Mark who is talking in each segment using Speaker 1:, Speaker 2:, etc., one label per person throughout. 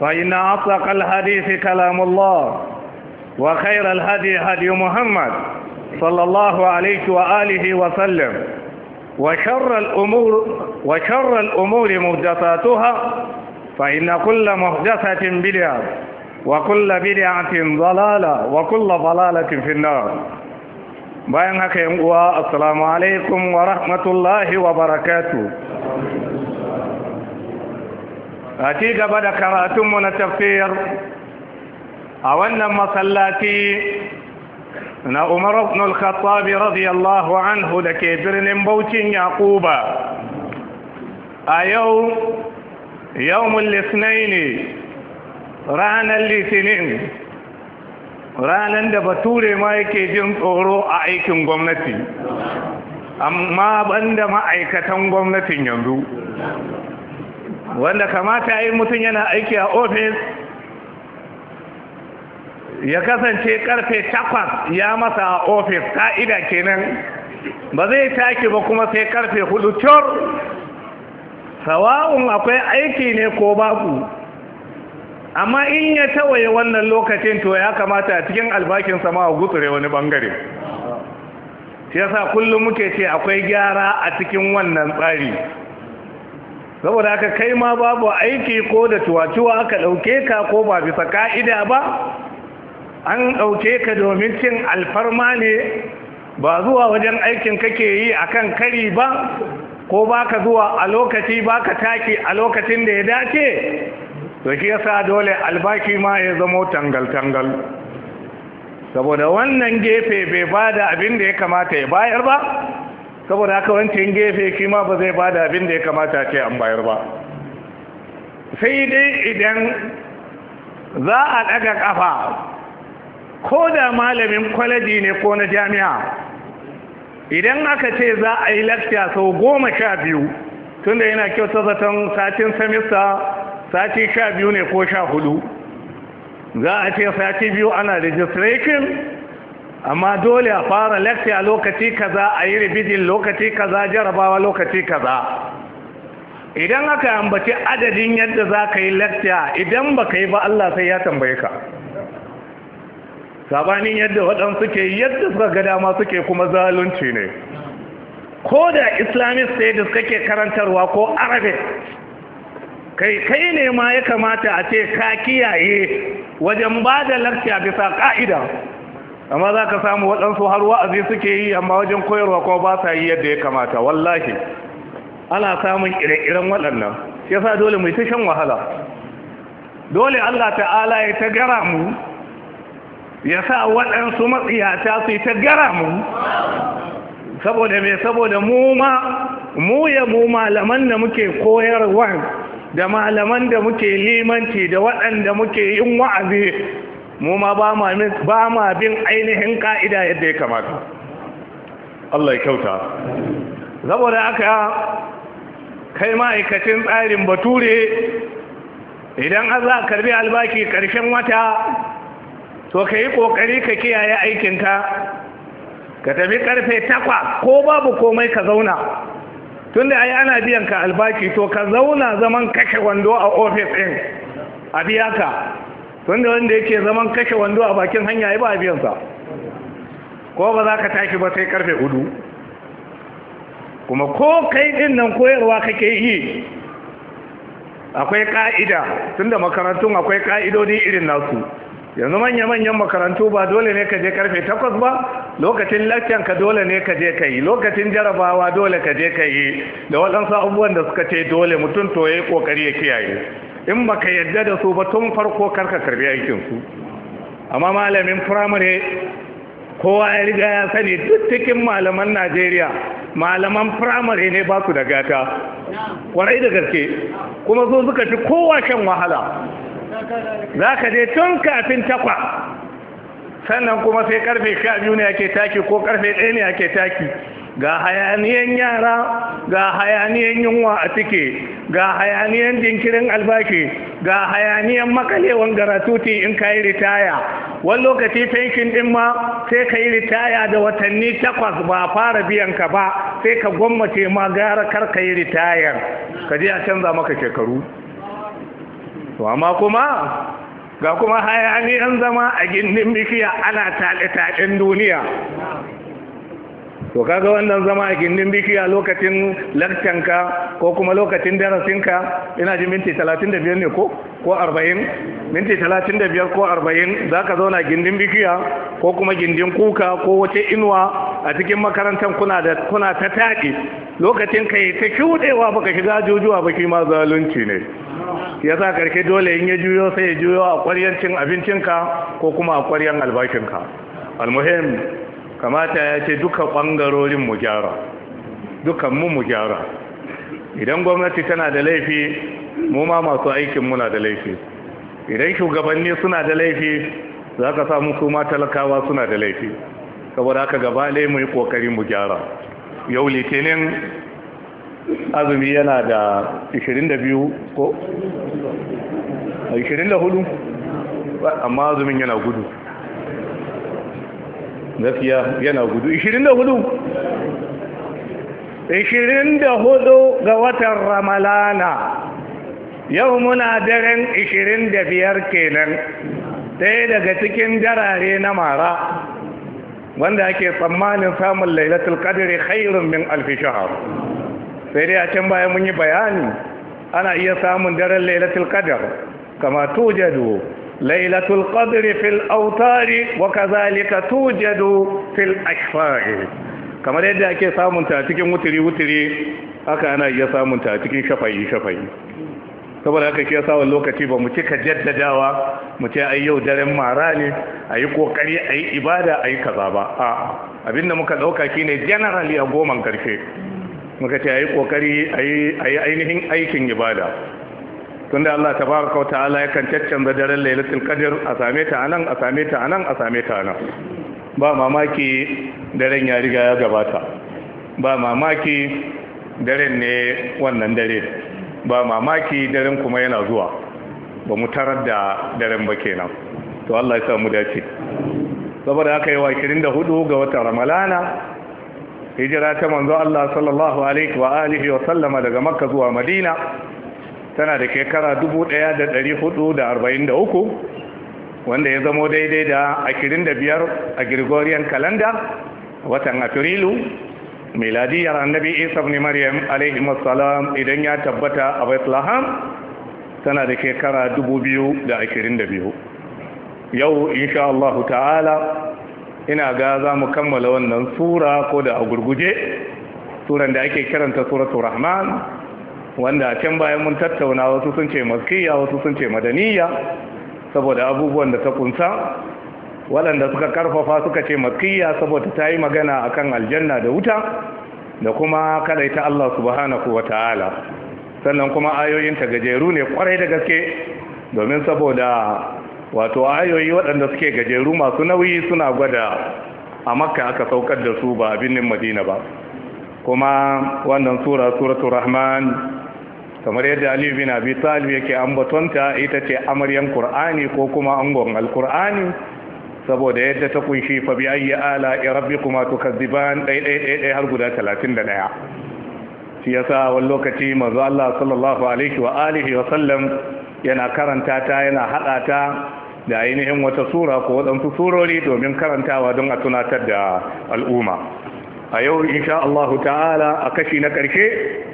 Speaker 1: فإن أطلق الحديث كلام الله وخير الهدي هدي محمد صلى الله عليه وآله وسلم وشر الأمور, وشر الأمور مهدثاتها فإن كل مهدثة بدعة وكل بدعة ضلالة وكل ضلالة في النار بينك يا السلام عليكم ورحمة الله وبركاته a ci gaba da karatunmu na tafiyar, a wannan masallaci na umar ibn khattabi radiyallahu anhu da ke birnin Baucin Yakuba a yau yawmul ne ranar litinin ranar da bature ma yake jin tsoro a aikin gwamnati amma banda ma'aikatan gwamnatin yanzu wanda kamata yi mutum yana aiki a ofis ya kasance karfe takwas ya masa a ofis ka'ida kenan ba zai taki ba kuma sai karfe hudu cor sawa'un akwai aiki ne ko babu amma in ya tawaye wannan lokacin to ya kamata cikin albakin sama a gutsure wani bangare shi yasa kullum muke ce akwai gyara a cikin wannan tsari saboda haka kai ma babu aiki ko da tuwa-tuwa aka ɗauke ka ko ba bisa ka'ida ba an ɗauke ka domin cin alfarma ne ba zuwa wajen aikin kake yi akan kari ba ko ba ka zuwa a lokaci ba ka taki a lokacin da ya dace to shi yasa dole albaki ma ya zamo tangal-tangal saboda wannan gefe bai ba da abin da ya kamata ya bayar ba saboda haka wancan gefe shi ma ba zai bada abin da ya kamata ce an bayar ba sai dai idan za a daga kafa ko da malamin kwalaji ne ko na jami'a idan aka ce za a yi lakta sau goma sha biyu tunda yana kyauta zaton satin samista sati sha biyu ne ko sha hudu za a ce sati biyu ana registration amma dole a fara lafiya a lokaci kaza a yi ribidin lokaci kaza jarabawa lokaci kaza idan aka ambaci adadin yadda za ka yi lafiya idan ba ka yi ba Allah sai ya tambaye ka sabanin yadda waɗansu ke yadda suka ga dama suke kuma zalunci ne ko da Islamist sai suka ke karantarwa ko arabic kai kai ne ma ya kamata a ce ka kiyaye wajen ba da lafiya bisa ƙa'ida amma za ka samu waɗansu har wa'azi suke yi amma wajen koyarwa kuma ba sa yi yadda ya kamata wallahi ana samun ire-iren waɗannan ya sa dole mai ta wahala dole Allah ta'ala ya ta gara mu ya sa waɗansu matsiyata su ta gara mu saboda mai saboda mu mu ya mu malaman da muke koyarwa da malaman da muke limanci da waɗanda muke yin wa'azi mu ma ba ma bin ainihin ka'ida yadda ya kamata Allah ya kyauta saboda aka kai ma'aikacin tsarin bature idan an za a karbi albaki karshen wata to ka yi kokari ka kiyaye aikinka ka tafi karfe takwa ko babu komai ka zauna tun da ai ana biyan ka albaki to ka zauna zaman kashe wando a ofis ɗin a biya ka tunda wanda yake zaman kashe wando a bakin hanya ya ba biyansa ko ba za ka tashi ba sai karfe hudu kuma ko kai din nan koyarwa kake yi akwai ka'ida tunda makarantun akwai ka'idodi irin nasu yanzu manya-manyan makarantu ba dole ne ka je karfe takwas ba lokacin lakcin ka dole ne ka je ka yi lokacin jarabawa dole ka je ka yi da waɗansu abubuwan da suka ce dole mutum to ya yi ƙoƙari ya kiyaye in ba ka yadda da su ba tun farko karka karbi aikinsu amma malamin firamare kowa ya riga ya sani duk cikin malaman najeriya malaman firamare ne ba su da gata kwarai da gaske kuma zo suka fi kowa shan wahala za ka je tun kafin takwa sannan kuma sai karfe sha biyu ne ake taki ko karfe ɗaya ne ake taki ga hayaniyan yara ga hayaniyan yunwa a cike, ga hayaniyan jinkirin albashi ga hayaniyan makalewan garatuti in ka yi ritaya wani lokaci tankin din ma sai ka yi ritaya da watanni takwas ba fara biyan ka ba sai ka gwammace ma gara kar ka yi ritayar ka je a canza maka shekaru to amma kuma ga kuma hayaniyan zama a gindin bishiya ana taɗe-taɗen duniya to kaga wannan zama a gindin biki a lokacin lakcanka ko kuma lokacin darasinka ina ji minti 35 ne ko ko 40 minti 35 ko 40 zaka zauna gindin bikiya ko kuma gindin kuka ko wace inuwa a cikin makarantar kuna da kuna ta taɗi lokacin ka yi ta kyudewa baka shiga jujuwa baki ma zalunci ne ya sa karke dole in ya juyo sai ya juyo a kwaryan cin abincinka ko kuma a kwaryan albashinka almuhim kamata ya ce duka ɓangarorin mu gyara dukanmu mu gyara idan gwamnati tana da laifi mu ma masu aikin muna da laifi idan shugabanni suna da laifi za ka samu kuma talakawa suna da laifi saboda haka gaba ɗaya mu yi ƙoƙari mu gyara yau litinin azumi yana da 22 ko 24 amma azumin yana gudu gaskiya yana gudu 24 24 ga watan ramalana yau muna daren 25 kenan ɗaya daga cikin jarare na mara wanda ake tsammanin samun lailatul qadri khairun min alfi sai dai a can baya mun yi bayani ana iya samun daren lailatul qadr kama tujadu lailatul qadri fil autari wa kazalika tujadu fil kamar yadda ake samun ta cikin wuturi wuturi haka ana iya samun ta cikin shafayi shafayi saboda haka ke sa wani lokaci ba mu ka jaddadawa mu ce ai yau daren mara ne a yi kokari a yi ibada a yi kaza ba a abinda muka dauka shine generally a goman karshe muka ce a yi kokari a yi ainihin aikin ibada tunda Allah tabaraka ta'ala yakan caccanza daren lailatul qadr a same ta anan a same ta anan a same ta anan ba mamaki daren ya riga ya gabata ba mamaki daren ne wannan dare ba mamaki daren kuma yana zuwa ba mu tarar da daren ba kenan to Allah ya sa mu dace saboda haka yi wa 24 ga watan ramalana hijira ta manzo Allah sallallahu alaihi wa alihi wa sallama daga makka zuwa madina tana da shekara 1443 wanda ya zamo daidai da 25 a Gregorian calendar watan Afrilu miladiyar annabi Isa ibn Maryam alaihi wassalam idan ya tabbata a Bethlehem tana da shekara 2022 yau insha Allah ta'ala ina ga za mu kammala wannan sura ko da a gurguje suran da ake kiranta suratul rahman wanda can bayan mun tattauna wasu sun ce maskiya wasu sun ce madaniya saboda abubuwan da ta kunsa waɗanda suka karfafa suka ce maskiya saboda ta yi magana a kan aljanna da wuta da kuma ta Allah subhanahu wa ta'ala sannan kuma ayoyin ta gajeru ne kwarai da gaske domin saboda wato ayoyi waɗanda suke gajeru masu nauyi suna gwada a makka aka saukar da su ba a birnin madina ba kuma wannan sura suratul rahman kamar yadda Ali bin Abi Talib yake ambatonta ita ce amaryan Qur'ani ko kuma angon al saboda yadda ta kunshi fa bi ayyi ala rabbikuma tukadziban dai dai dai har guda 31 shi yasa wani lokaci manzo Allah sallallahu alaihi wa alihi wa sallam yana karanta ta yana hada ta da ainihin wata sura ko wadansu surori domin karantawa don a tunatar da al'umma a yau insha Allah ta'ala a kashi na karshe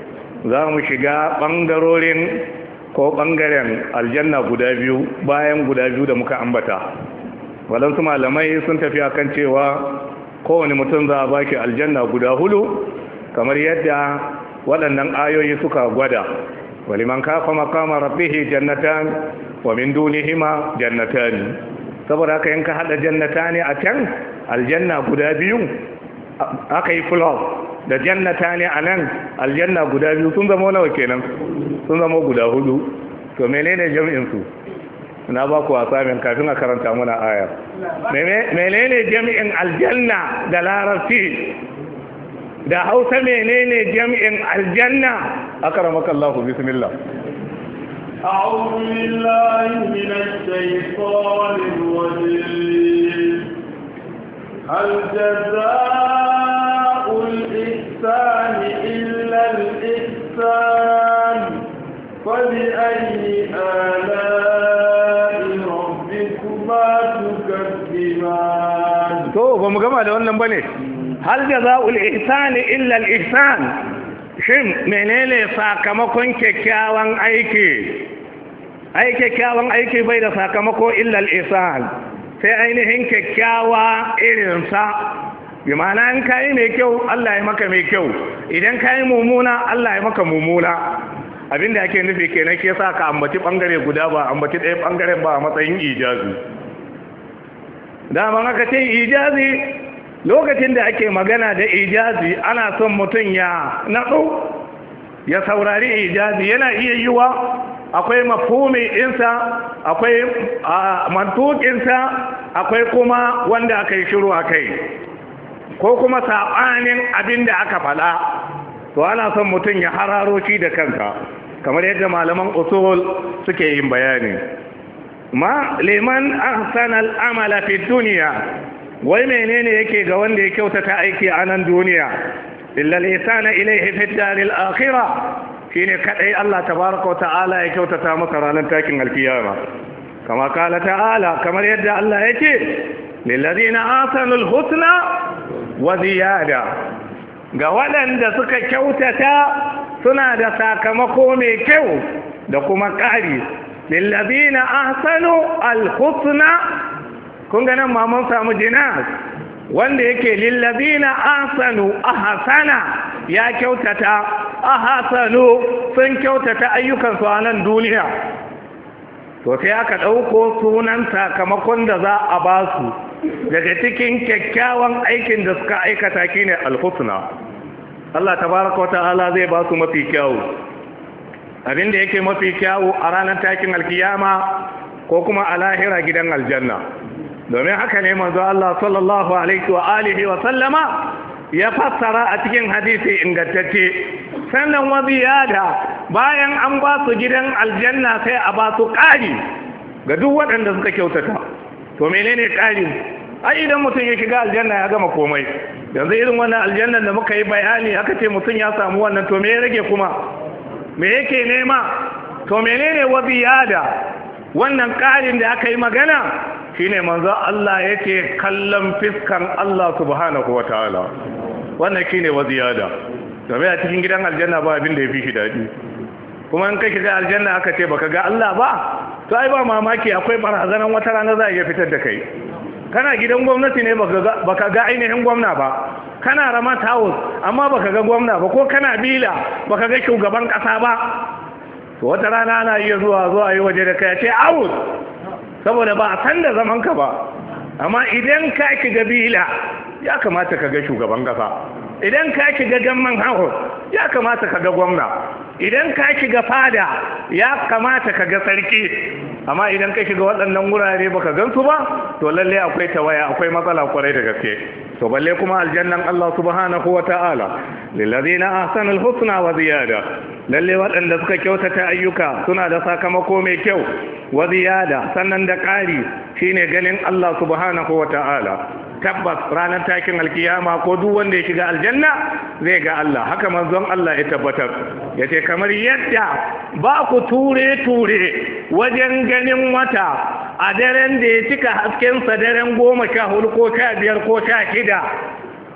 Speaker 1: za mu shiga ɓangarorin ko ɓangaren aljanna guda biyu bayan guda biyu da muka ambata waɗansu malamai sun tafi a kan cewa kowane mutum za a baki aljanna guda hulu kamar yadda waɗannan ayoyi suka gwada waliman kafa makama rabbihi jannatan wa min dunihima jannatan saboda haka yanka haɗa jannata ne a can aljanna guda biyu aka yi fulau da ta ne a nan aljanna guda biyu sun zama nawa kenan sun zama guda hudu to menene jami'insu na ba ku min kafin a karanta muna ayar
Speaker 2: menene jami'in aljanna da
Speaker 1: larabci da hausa menene jami'in aljanna akaramaka Allah bismillah أعوذ بالله من الشيطان الرجيم
Speaker 3: هل جزاء الإحسان إلا الإحسان فبأي آلاء ربكما تكذبان
Speaker 1: تو ba mu gama da wannan bane hal jaza'ul ihsani illa al ihsan shin menene sakamakon kyakkyawan aiki ai kyakkyawan aiki bai da sakamako illa al ihsan sai ainihin kyakkyawa irinsa bi ma'ana in kayi mai kyau Allah ya maka mai kyau idan kayi mummuna Allah ya maka mummuna abinda ake nufi kenan ke sa ka ambaci bangare guda ba ambaci ɗaya bangaren ba a matsayin ijazi dama aka ce ijazi lokacin da ake magana da ijazi ana son mutum ya natsu ya saurari ijazi yana iya yiwa akwai mafumi insa akwai mantukinsa akwai kuma wanda aka yi shiru a kai ko kuma saɓanin abin da aka faɗa to ana son mutum ya hararo shi da kanka kamar yadda malaman usul suke yin bayani ma liman ahsana Amala fi duniya wai menene yake ga wanda ya kyautata aiki a nan duniya illa lisana ilaihi fi daril akhirah shine kaɗai Allah tabaraka wa ta'ala ya kyautata masa ranar takin alkiyama kama kala ta'ala kamar yadda Allah yake lillazina asanul husna wa ziyada ga waɗanda suka kyautata suna da sakamako mai kyau da kuma ƙari lillazina ahsanu alhusna kun ga nan ma mun samu jinas wanda yake lillazina ahsanu ahsana ya kyautata ahsanu sun kyautata ayyukansu a nan duniya to sai aka ɗauko sunan sakamakon da za a ba su daga cikin kyakkyawan aikin da suka aikata kine alhusna Allah tabaraka wa ta'ala zai ba su mafi kyau abin yake mafi kyawu a ranar takin alkiyama ko kuma a lahira gidan aljanna domin haka ne manzo Allah sallallahu alaihi wa alihi wa sallama ya fassara a cikin hadisi ingantacce sannan wa ziyada bayan an ba su gidan aljanna sai a ba su ƙari ga duk waɗanda suka kyautata to menene ƙari ai idan mutum ya shiga aljanna ya gama komai yanzu irin wannan aljannan da muka yi bayani aka ce mutum ya samu wannan to me ya rage kuma me yake nema to menene wa ziyada wannan ƙarin da aka yi magana shine manzo Allah yake kallon fiskan Allah subhanahu wataala wannan shine waziyada domin a cikin gidan aljanna ba abin da ya fi shi daɗi kuma in kai shiga aljanna aka ce baka ga Allah ba to ai ba mamaki akwai barazanan wata rana za a iya fitar da kai kana gidan gwamnati ne baka ga ainihin gwamna ba kana rama house amma baka ga gwamna ba ko kana bila baka ga shugaban kasa ba to wata rana ana iya zuwa zuwa yi waje da kai ce out saboda ba a san da zaman ka ba amma idan ka ki gabila, ya kamata ka ga shugaban kasa idan ka ki ga gamman hahu ya kamata ka ga gwamna idan ka shiga fada ya kamata ka ga sarki amma idan ka shiga waɗannan wurare baka su ba to lalle akwai tawaya akwai matsala kwarai da gaske to balle kuma aljannan Allah subhanahu wa ta'ala lillazina ahsanul husna wa ziyada lalle waɗanda suka kyautata ayyuka suna da sakamako mai kyau wa ziyada sannan da ƙari shine ganin Allah subhanahu wa ta'ala tabbas ranar takin alkiyama ko duk wanda ya shiga aljanna zai ga Allah haka manzon Allah ya tabbatar ya ce kamar yadda ba ku ture-ture wajen ganin wata a daren da ya cika hasken sa daren goma sha hudu ko sha biyar ko sha shida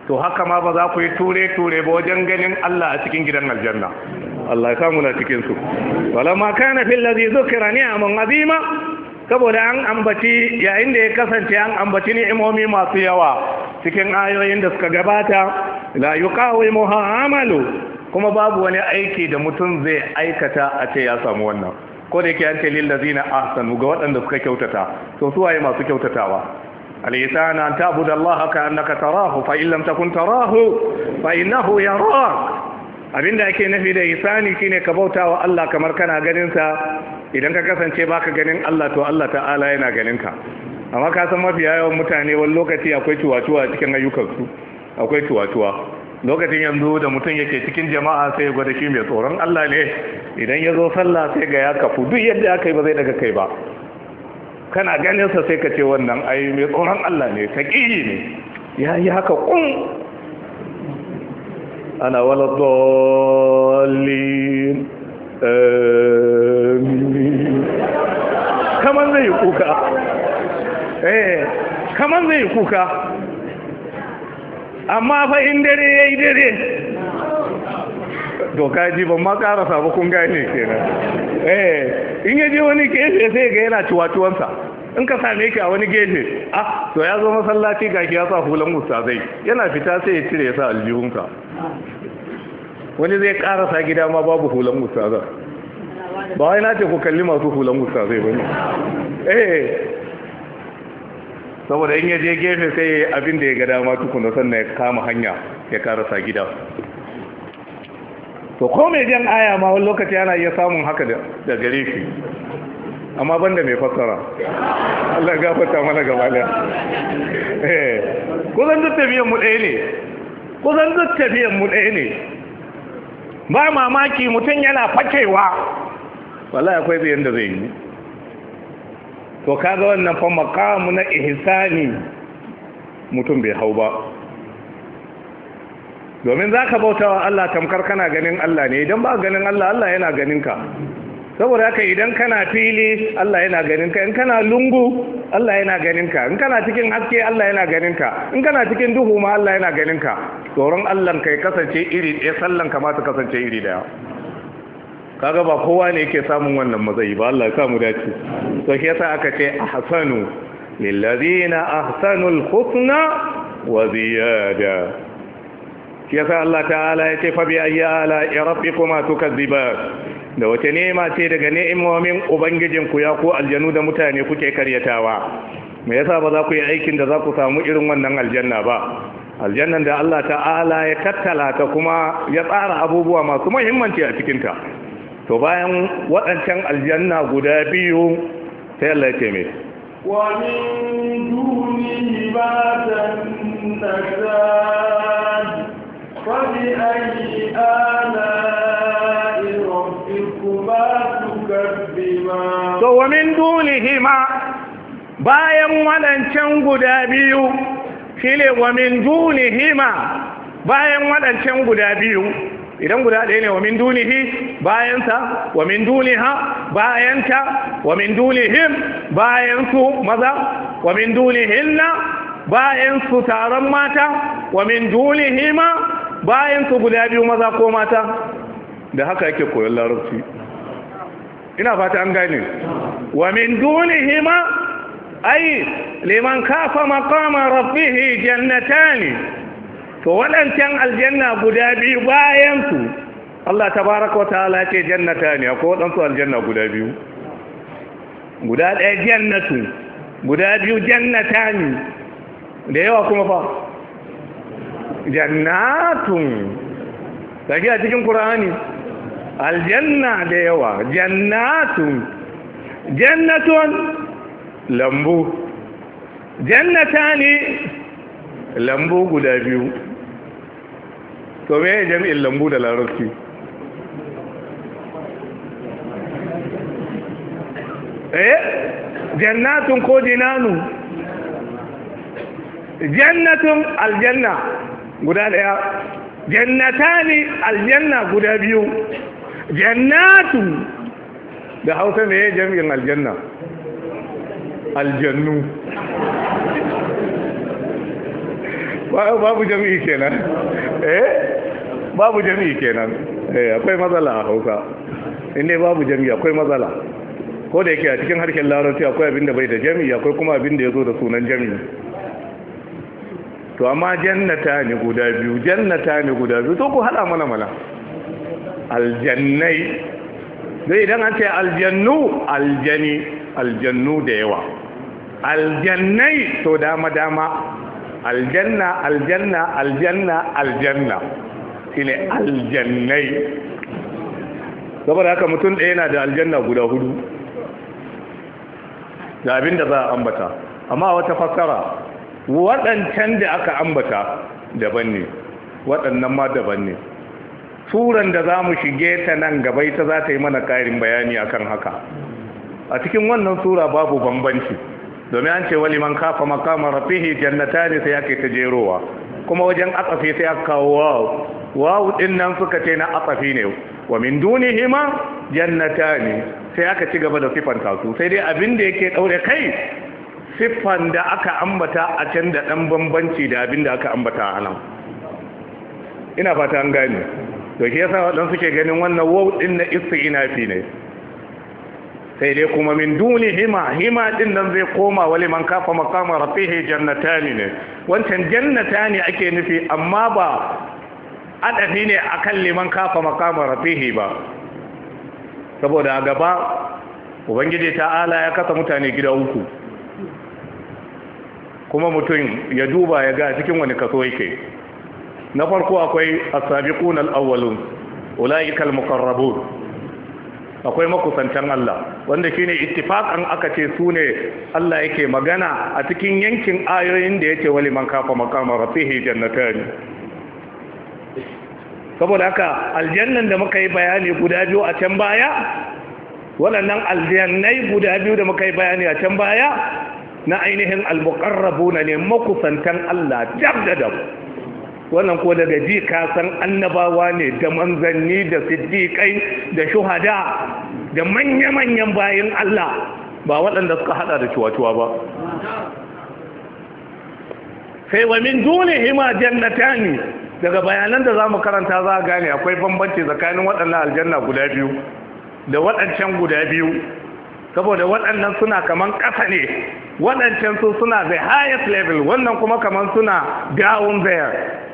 Speaker 1: to haka ma ba za ku yi ture-ture ba wajen ganin Allah a cikin gidan aljanna Allah ya samu na cikin su ma kana fil ladhi dhukira ni'amun azima saboda an ambaci yayin da ya kasance an ambaci ni'imomi masu yawa cikin ayoyin da suka gabata la yuqawimu amalu kuma babu wani aiki da mutum zai aikata a ce ya samu wannan ko da yake an ce lillazina ahsanu ga waɗanda suka kyautata to su waye masu kyautatawa al-ihsana an ta'budu Allah ka annaka tarahu fa in lam takun tarahu fa innahu yarak abinda ake nafi da ihsani shine ka bautawa Allah kamar kana ganin sa idan ka kasance baka ganin Allah to Allah ta'ala yana ganin ka amma ka san mafiya yawan mutane wani lokaci akwai tuwatuwa cikin ayyukansu akwai tuwatuwa lokacin yanzu da mutum yake cikin jama'a sai ya gwada shi mai tsoron Allah ne idan ya zo sallah sai ga ya kafu duk yadda aka yi ba zai daga kai ba kana ganin sa sai ka ce wannan ai mai tsoron Allah ne taqiyi ne ya yi haka kun ana wala dallin Ehm, kaman zai kuka eh kaman zai kuka amma fa in dare yayi dare to kaji ban ma karasa ba kun gane kenan eh in yaje wani kefe sai ga yana ciwatuwansa in ka same ki a wani gefe ah to ya zo masallaci gashi ya sa hulan zai yana fita sai ya cire ya sa aljihunka wani zai karasa gida ma babu hulan ustaza ba wai na ce ku kalli masu hulan ustazai ba ne eh saboda in ya je gefe sai abin da ya ga dama tukuna sannan ya kama hanya ya karasa gida to ko mai jan aya ma wani lokaci yana iya samun haka da gare shi amma banda mai fassara Allah ya gafarta mana gaba da eh kusan duk tafiyan mu ɗaya ne kusan duk tafiyan mu ɗaya ne ba mamaki mutum yana fakewa Wala akwai zai yadda zai yi to kaga wannan fa makamu na ihsani mutum bai hau ba domin za zaka bautawa Allah tamkar kana ganin Allah ne idan ba ganin Allah Allah yana ganin ka saboda haka idan kana fili Allah yana ganin ka in kana lungu Allah yana ganin ka in kana cikin haske Allah yana ganin ka in kana cikin duhu ma Allah yana ganin ka tsoron Allah kai kasance iri ɗaya sallan ka ma ta kasance iri ɗaya kaga ba kowa ne yake samun wannan matsayi ba Allah ya samu dace to shi yasa aka ce ahsanu lillazina ahsanul husna wa ziyada shi yasa Allah ta'ala ya ce fa bi ayyi ala rabbikuma tukazziban da wace nema ce daga Ubangijin ubangijinku ya ko aljanu da mutane kuke karyatawa me yasa ba za ku yi aikin da za ku samu irin wannan aljanna ba aljannan da Allah ta'ala ya tattala ta kuma ya tsara abubuwa masu muhimmanci a cikin ta to bayan waɗancan aljanna guda biyu sai Allah ya ce mai
Speaker 3: ومن دونه ما
Speaker 1: to wa min dunihima bayan waɗancan guda biyu shine wa min dunihima bayan waɗancan guda biyu idan guda ɗaya ne wa min dunihi sa wa min duniha ta wa min dunihim su maza wa min dunihinna su taron mata wa min dunihima su guda biyu maza ko mata da haka yake koyon larabci ina fata an gane wa min dunihima ay liman kafa maqama rabbih jannatani to wadancan aljanna guda biyu bayan su Allah tabaaraka wa ta'ala ce jannatani akwai wadansu aljanna guda biyu guda ɗaya jannatu guda biyu jannatani da yawa kuma fa jannatun kaji a cikin qur'ani aljanna da yawa jannatun jannatun lambu jannata ne lambu guda biyu to me ya jami'in lambu da larabci eh jannatun ko jinanu jannatun aljanna guda daya jannata ne aljanna guda biyu jannatu da hausa ne jami'in aljanna aljannu babu jami'i kenan eh babu jami'i kenan eh akwai matsala a hausa inda babu jami'i akwai matsala ko da yake a cikin harshen larabci akwai abin da bai da jami'i akwai kuma abin da ya zo da sunan jami'i to amma jannata ne guda biyu jannata ne guda biyu to ku hada mana mana aljannai zai idan an ce aljannu aljani aljannu da yawa aljannai to dama dama aljanna aljanna aljanna aljanna shine aljannai saboda haka mutum ɗaya na da aljanna guda hudu da abin da za a ambata amma wata fassara waɗancan da aka ambata daban ne waɗannan ma daban ne suran da za mu shige ta nan gaba ita za ta yi mana ƙarin bayani akan haka a cikin wannan sura babu bambanci domin an ce wali man kafa makama rafihi jannata ne sai ake ta jerowa kuma wajen atsafi sai aka kawo wawu wawu din nan suka ce na atsafi ne wa min hima jannata ne sai aka ci gaba da siffanta su sai dai abin da yake ɗaure kai siffan da aka ambata a can da ɗan bambanci da abin da aka ambata a nan ina fata an gane to shi yasa wadan suke ganin wannan wau din na fi ne sai dai kuma min duni hima hima din nan zai koma wali man kafa maqama rafihi jannatani ne wancan jannatani ake nufi amma ba adafi ne a kan liman kafa maqama rafihi ba saboda a gaba ubangiji ta'ala ya kasa mutane gida uku kuma mutum ya duba ya ga cikin wani kaso yake na farko akwai asabiqun sabiqun al-awwalun ulaika al-muqarrabun akwai makusantan Allah wanda shine ittifaqan aka ce sune Allah yake magana a cikin yankin ayoyin da yake wali man kafa maqama rafihi jannatani saboda haka aljannan da muka yi bayani guda biyu a can baya wannan aljannai guda biyu da muka yi bayani a can baya na ainihin al-muqarrabuna ne makusantan Allah dab da dab wannan ko daga ji ka san annabawa ne da manzanni da siddiƙai da shuhada da manya-manyan bayan Allah ba waɗanda suka hada da cuwa-cuwa ba sai wa min jannata ne daga bayanan da za mu karanta za a gane akwai bambanci tsakanin waɗannan aljanna guda biyu da waɗancan guda biyu saboda waɗannan suna kamar ƙasa ne waɗancan su suna the highest level wannan kuma kaman suna down there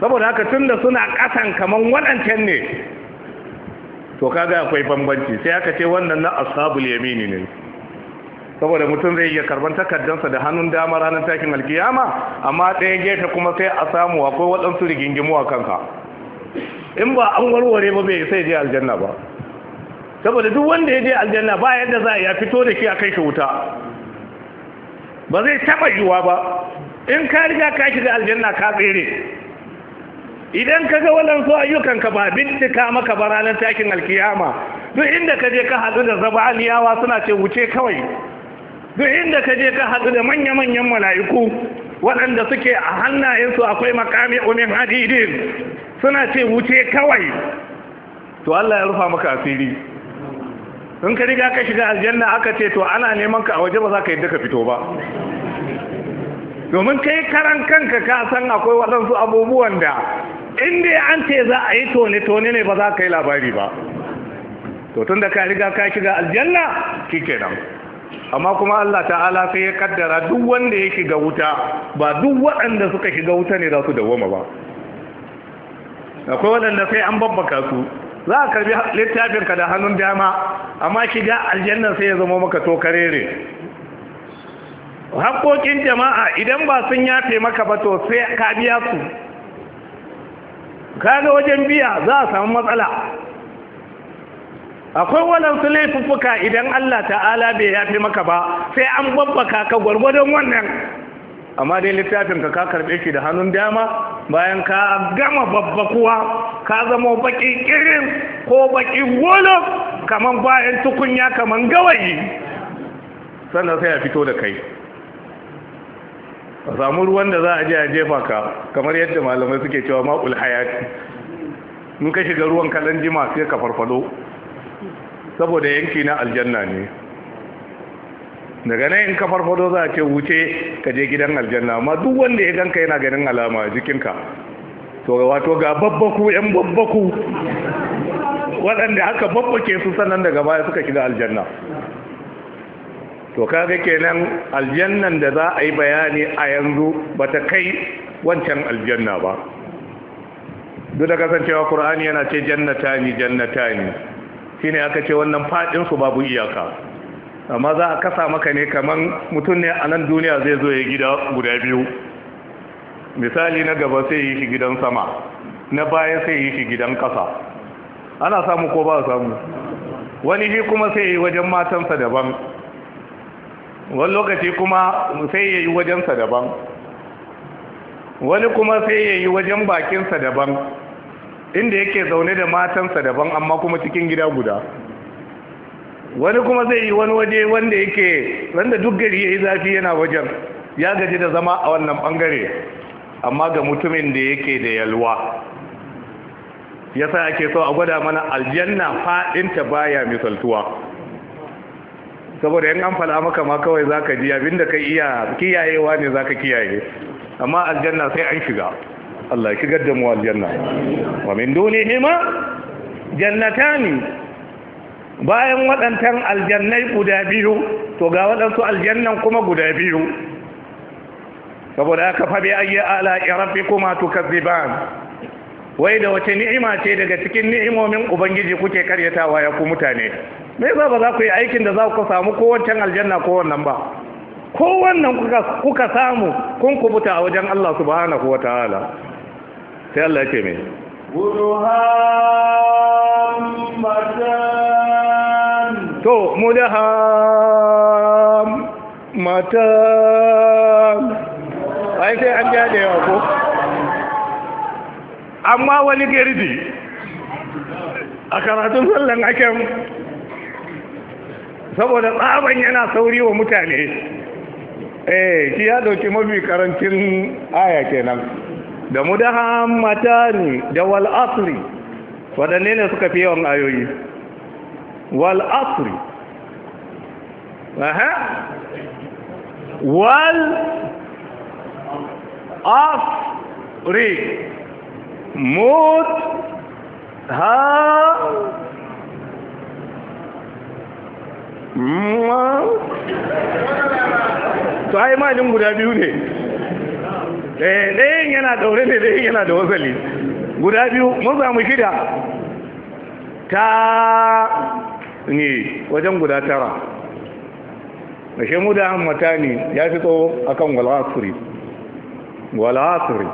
Speaker 1: saboda haka tun da suna ƙasan kamar waɗancan ne to kaga akwai bambanci sai aka ce wannan na ashabul yamini ne saboda mutum zai iya karban takardansa da hannun dama ranar takin alkiyama amma ɗaya gefe kuma sai a samu akwai waɗansu rigingimu a kanka in ba an warware ba bai sai je aljanna ba saboda duk wanda ya je aljanna ba yadda za a ya fito da ke a kai shi wuta ba zai taɓa yiwuwa ba in ka riga ka shiga aljanna ka tsere idan ka ga waɗansu ayyukanka ba bincika maka ba ranar takin alkiyama duk inda ka je ka haɗu da zaba'aliyawa suna ce wuce kawai duk inda ka je ka haɗu da manya-manyan mala'iku waɗanda suke a hannayensu akwai makami umin hadidin suna ce wuce kawai to Allah ya rufa maka asiri in ka riga ka shiga aljanna aka ce to ana neman ka a waje ba za ka yadda ka fito ba domin kai karan kanka ka san akwai waɗansu abubuwan da inda an ce za a yi tone-tone ne ba za ka yi labari ba to tun da ka riga ka shiga aljanna shi kenan amma kuma Allah ta'ala sai ya kaddara duk wanda ya shiga wuta ba duk waɗanda suka shiga wuta ne za su dawoma ba akwai waɗanda sai an babbaka su za a karbi littafinka da hannun dama amma shiga aljanna sai ya zama maka to karere haƙoƙin jama'a idan ba sun yafe maka ba to sai ka biya su kaga wajen biya za a samu matsala akwai waɗansu laifuffuka idan Allah ta'ala bai yafi maka ba sai an babbaka ka gwargwadon wannan amma dai littafin ka ka karɓe shi da hannun dama bayan ka gama babbakuwa ka zama baki kirin ko baki wolo kaman bayan tukunya kaman gawayi sannan sai a fito da kai a samu ruwan da za a je a jefa ka kamar yadda malamai suke cewa ma'ul hayati in ka shiga ruwan kalan jima sai ka farfado saboda yanki na aljanna ne daga nan in ka farfado za a ce wuce ka je gidan aljanna amma duk wanda ya ganka yana ganin alama jikinka to wato ga babbaku yan babbaku waɗanda aka babbake su sannan daga baya suka shiga aljanna to kaga kenan aljannan da za a yi bayani a yanzu bata kai wancan aljanna ba duk da kasancewa Kur'ani yana ce jannatani jannatani shine aka ce wannan fadin su babu iyaka amma za a kasa maka ne kaman mutum ne a nan duniya zai zo ya gida guda biyu misali na gaba sai yi shi gidan sama na baya sai yi shi gidan kasa ana samu ko ba samu wani shi kuma sai yi wajen matansa daban wani lokaci kuma sai ya yi wajensa daban wani kuma sai ya yi wajen bakinsa daban inda yake zaune da matansa daban amma kuma cikin gida guda wani kuma zai yi wani waje wanda yake wanda duk gari ya yi zafi yana wajen ya gaji da zama a wannan bangare amma ga mutumin da yake da yalwa ya sa ake so a gwada mana aljanna faɗinta baya misaltuwa saboda yan an fala maka ma kawai zaka ji abinda ka iya kiyayewa ne zaka kiyaye amma aljanna sai an shiga Allah ya shigar da mu aljanna wa min dunihima jannatani bayan waɗantan aljannai guda biyu to ga waɗansu aljannan kuma guda biyu saboda aka fabi ayi ala rabbikuma kuma tukazziban wai da wace ni'ima ce daga cikin ni'imomin ubangiji kuke karyatawa ya ku mutane me yasa ba za ku yi aikin da za ku samu ko aljanna ko wannan ba ko wannan kuka samu kun kubuta a wajen Allah subhanahu wa ta'ala sai Allah yake me to to mata ai sai an ja da ko amma wani gerdi. a karatun sallan akan saboda tsaban yana sauri wa mutane eh shi ya dauki mafi karancin aya kenan da mudahammatani da wal asri wadanne ne suka fi yawan ayoyi wal asri aha wal asri mut ha to ai malin guda biyu ne eh, ɗayan yana daure ne ɗayan yana da wasali guda biyu mun samu shida ta ne wajen guda tara da mu da mata ne ya fi tsawo akan wal'asuri wal'asuri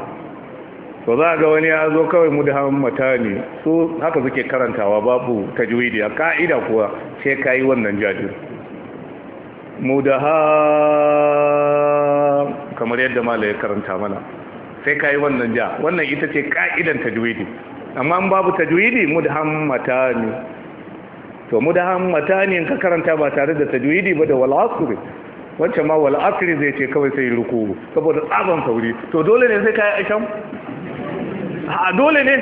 Speaker 1: to za ga wani ya zo kawai mu da hammata ne su haka suke karantawa babu tajwidi a ka'ida kuwa sai ka yi wannan jajir mu da ha kamar yadda mala ya karanta mana sai ka yi wannan ja wannan ita ce ka'idan tajwidi amma babu tajwidi mu da hammata ne to mu da hammata ne ka karanta ba tare da tajwidi ba da wal'asuri wancan ma wal'asiri zai ce kawai sai ruku saboda tsaban sauri to dole ne sai ka yi asham a dole ne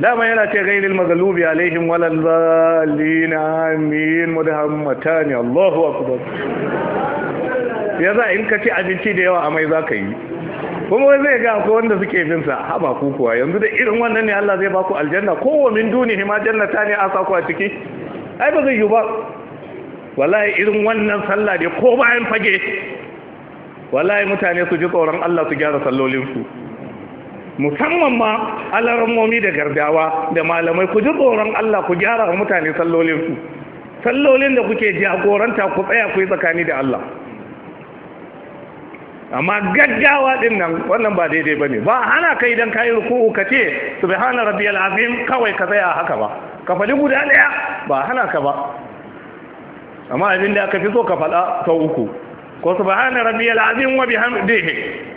Speaker 1: dama yana ce gairil magalubi alaihim walal zalina amin ne Allahu akbar ya za in ka ci abinci da yawa amai za ka yi kuma zai ga ko wanda suke bin sa haba ku kuwa yanzu da irin wannan ne Allah zai baku aljanna ko wa min dunihi ma jannata ne a ku a ciki ai ba zai yi ba wallahi irin wannan sallah ne ko bayan fage wallahi mutane su ji tsoron Allah su gyara sallolin su musamman ma alarammomi da gardawa da malamai ku ji tsoron Allah ku gyara wa mutane su. sallolin da kuke jagoranta ku tsaya ku yi tsakani da Allah amma gaggawa din nan wannan ba daidai ba ne ba hana kai idan ka yi ka ce hana rabbiyal azim kawai ka tsaya haka ba ka faɗi guda ɗaya ba hana ka ba amma abin da aka fi so ka faɗa sau uku ko su subhana rabbiyal azim wa bihamdihi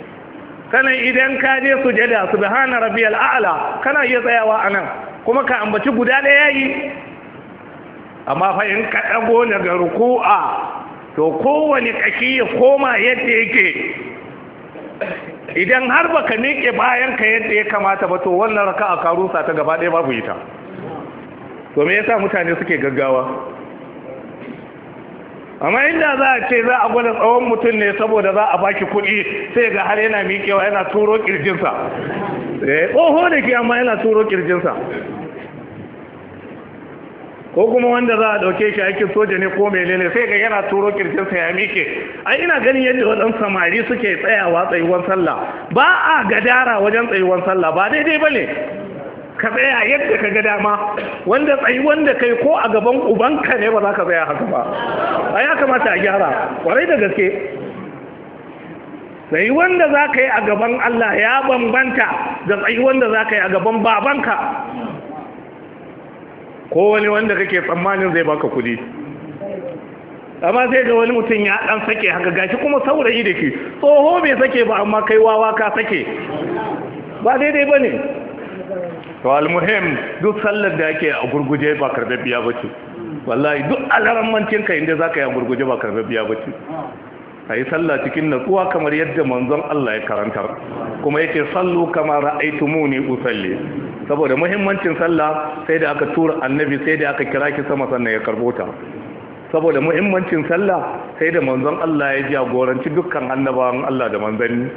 Speaker 1: kana idan ka je sujada subhana rabbiyal a'la kana iya tsayawa anan kuma ka ambaci guda ɗaya yayi amma fa in ka dago ruku'a to kowane ƙashi ya koma yadda yake idan har baka miƙe bayan ka yadda ya kamata ba to wannan raka ka rusa ta gaba ɗaya babu ita to me yasa mutane suke gaggawa amma inda za a ce za a gwada tsawon mutum ne saboda za a baki kuɗi sai ga har yana miƙewa yana turo kirjinsa eh, oho da ke amma yana turo kirjinsa ko kuma wanda za a ɗauke shi aikin soja ne ko mai ne sai ga yana turo kirjinsa ya miƙe ai ina ganin yadda waɗansu samari suke tsayawa tsayuwar sallah ba a gadara wajen tsayuwan sallah ba daidai ba ne ka tsaya yadda ka ga dama wanda tsayi wanda kai ko a gaban ubanka ne ba za ka tsaya haka ba a ya kamata a gyara kwarai da gaske tsayi wanda za ka yi a gaban Allah ya bambanta da tsayi wanda za ka yi a gaban babanka ko wani wanda kake tsammanin zai baka kudi amma sai ga wani mutum ya dan sake haka gashi kuma saurayi da shi tsoho bai sake ba amma kai wawa ka sake ba daidai ba ne to almuhim duk sallar da ake a gurguje ba biya ba ce wallahi duk alarammancin ka inda zaka yi a gurguje ba biya ba ce a yi sallah cikin natsuwa kamar yadda manzon Allah ya karantar kuma yake sallu kama ra'aitumuni usalli saboda muhimmancin sallah sai da aka tura annabi sai da aka kira ki sama sannan ya karbo ta saboda muhimmancin sallah sai da manzon Allah ya jagoranci dukkan annabawan Allah da manzanni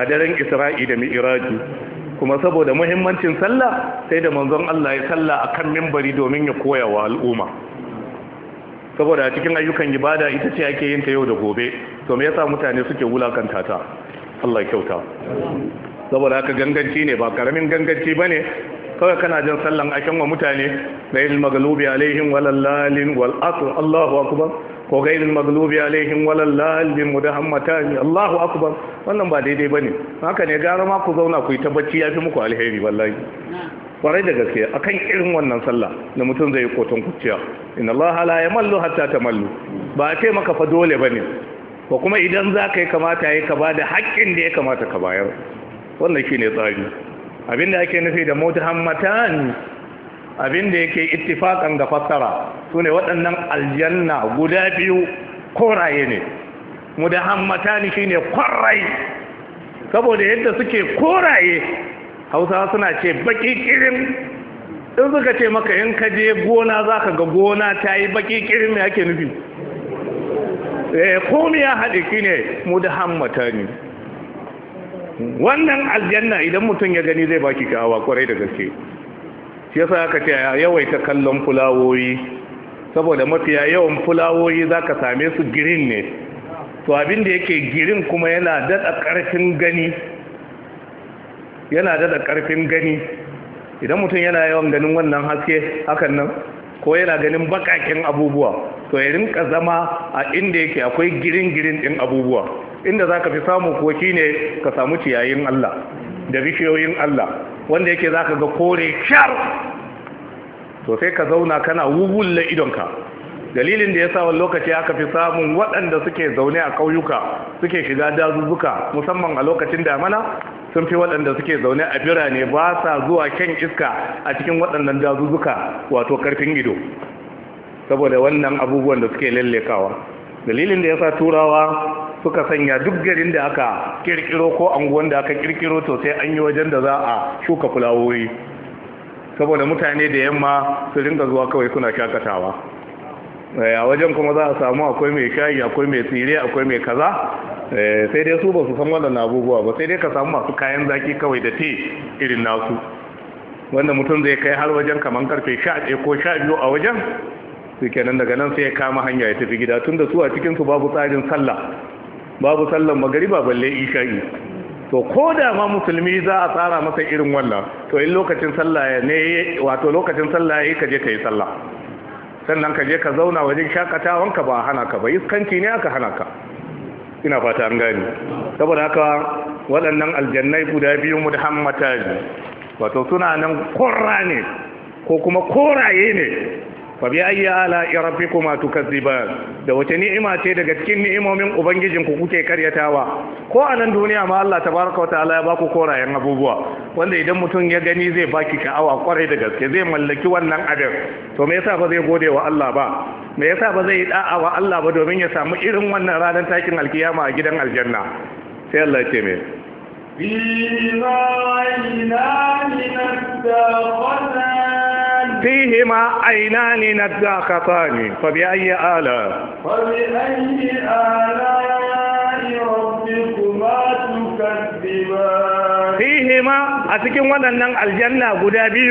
Speaker 1: a daren Isra'i da Mi'raj kuma saboda muhimmancin sallah sai da manzon Allah ya sallah akan mimbari domin ya koya wa al'umma saboda a cikin ayyukan ibada ita ce ake yin ta yau da gobe to me yasa mutane suke wulakanta ta Allah kyauta saboda haka ganganci ne ba karamin ganganci bane kawai kana jin sallan akan wa mutane da yin magalubi alaihim walallalin wal Allahu akbar ko gairin maglubi alaihim da hammata ne Allahu akbar wannan ba daidai bane haka ne gara ma ku zauna ku yi tabbaci fi muku alheri wallahi kwarai da gaske akan irin wannan sallah na mutum zai yi koton kuciya inna Allah la yamallu hatta tamallu ba a ce maka fa dole bane ba kuma idan za ka yi kamata ya ka ba da haƙƙin da ya kamata ka bayar wannan shine tsari abinda ake nufi da ne. abin da yake ittifakan ga fassara su ne waɗannan aljanna guda biyu koraye ne Mu da shi shine kwarai saboda yadda suke koraye hausa suna ce baki kirin in suka ce maka in ka je gona za ka ga gona ta yi baki kirin mai ake nufi eh, komi ya haɗe shine ni wannan aljanna idan mutum ya gani zai baki kawa kwarai da gaske shi yasa aka ce a yawaita kallon fulawoyi saboda mafiya yawan fulawoyi za ka same su girin ne to abin da yake girin kuma yana dada karfin gani yana dada karfin gani idan mutum yana yawan ganin wannan haske hakan nan ko yana ganin bakakin abubuwa to ya rinka zama a inda yake akwai girin-girin ɗin abubuwa inda zaka fi samu ko ne ka samu ciyayin Allah da bishiyoyin Allah wanda yake za ka ga kore kyar to sai ka zauna kana wubulla idonka dalilin da ya sa wani lokaci aka fi samun waɗanda suke zaune a ƙauyuka suke shiga dazuzzuka musamman a lokacin damana sun fi waɗanda suke zaune a birane ba sa zuwa kyan iska a cikin waɗannan dazuzzuka wato karfin ido saboda wannan abubuwan da suke lallekawa dalilin da ya sa turawa suka sanya duk garin da aka kirkiro ko anguwan da aka kirkiro to sai an yi wajen da za a shuka fulawoyi saboda mutane da yamma su ringa zuwa kawai suna shakatawa eh, a wajen kuma za a samu akwai mai shayi akwai mai tsire akwai mai kaza eh, sai dai su ba su san wannan abubuwa ba sai dai ka samu masu kayan zaki kawai da te irin nasu wanda mutum zai kai har wajen kamar karfe sha ɗaya ko sha biyu a wajen su kenan daga nan sai ya kama hanya ya tafi gida tun da su a cikinsu babu tsarin sallah babu sallan magariba balle isha'i to ko da ma musulmi za a tsara masa irin wannan to in lokacin sallah ne wato lokacin sallah yayi kaje kai sallah sannan ka je ka zauna wajen shakatawan ka ba hana ka ba iskanci ne aka hana ka ina fata an gani saboda haka waɗannan aljannai guda biyu muhammata wato suna nan korra ne ko kuma koraye ne fa bi ayyi ala rabbikuma tukazziban da wace ni'ima ce daga cikin ni'imomin ubangijin ku kuke karyatawa ko a nan duniya ma Allah tabaraka wa ta'ala ya baku korayen abubuwa wanda idan mutum ya gani zai baki sha'awa kwarai da gaske zai mallaki wannan abin to me yasa ba zai gode wa Allah ba me yasa ba zai da'a wa Allah ba domin ya samu irin wannan ranar takin alkiyama a gidan aljanna sai Allah ya ce me فيهما عينان نداختان فبأي آلاء فبأي
Speaker 3: آلاء ربكما تكذبان
Speaker 1: فيهما أتكين ودنن الجنة قدابي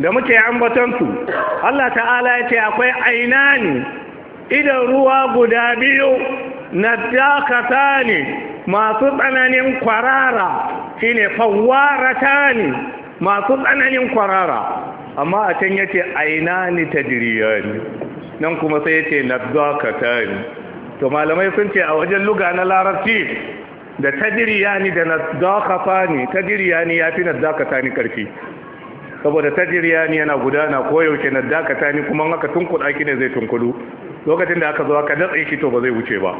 Speaker 1: دمك muke ambatansu Allah ta'ala ya ce akwai ainani idan ruwa guda masu tsananin kwarara shine ta ne masu tsananin kwarara amma a can yace aina ni ta ne nan kuma sai yace ne to malamai sun ce a wajen luga na larabci da ta ne da ne ta na zaka yafi ne karfi saboda ta ne yana gudana koyaushe ne kuma haka tunkuda ne zai tunkudu lokacin da aka zo aka datse shi to ba zai wuce ba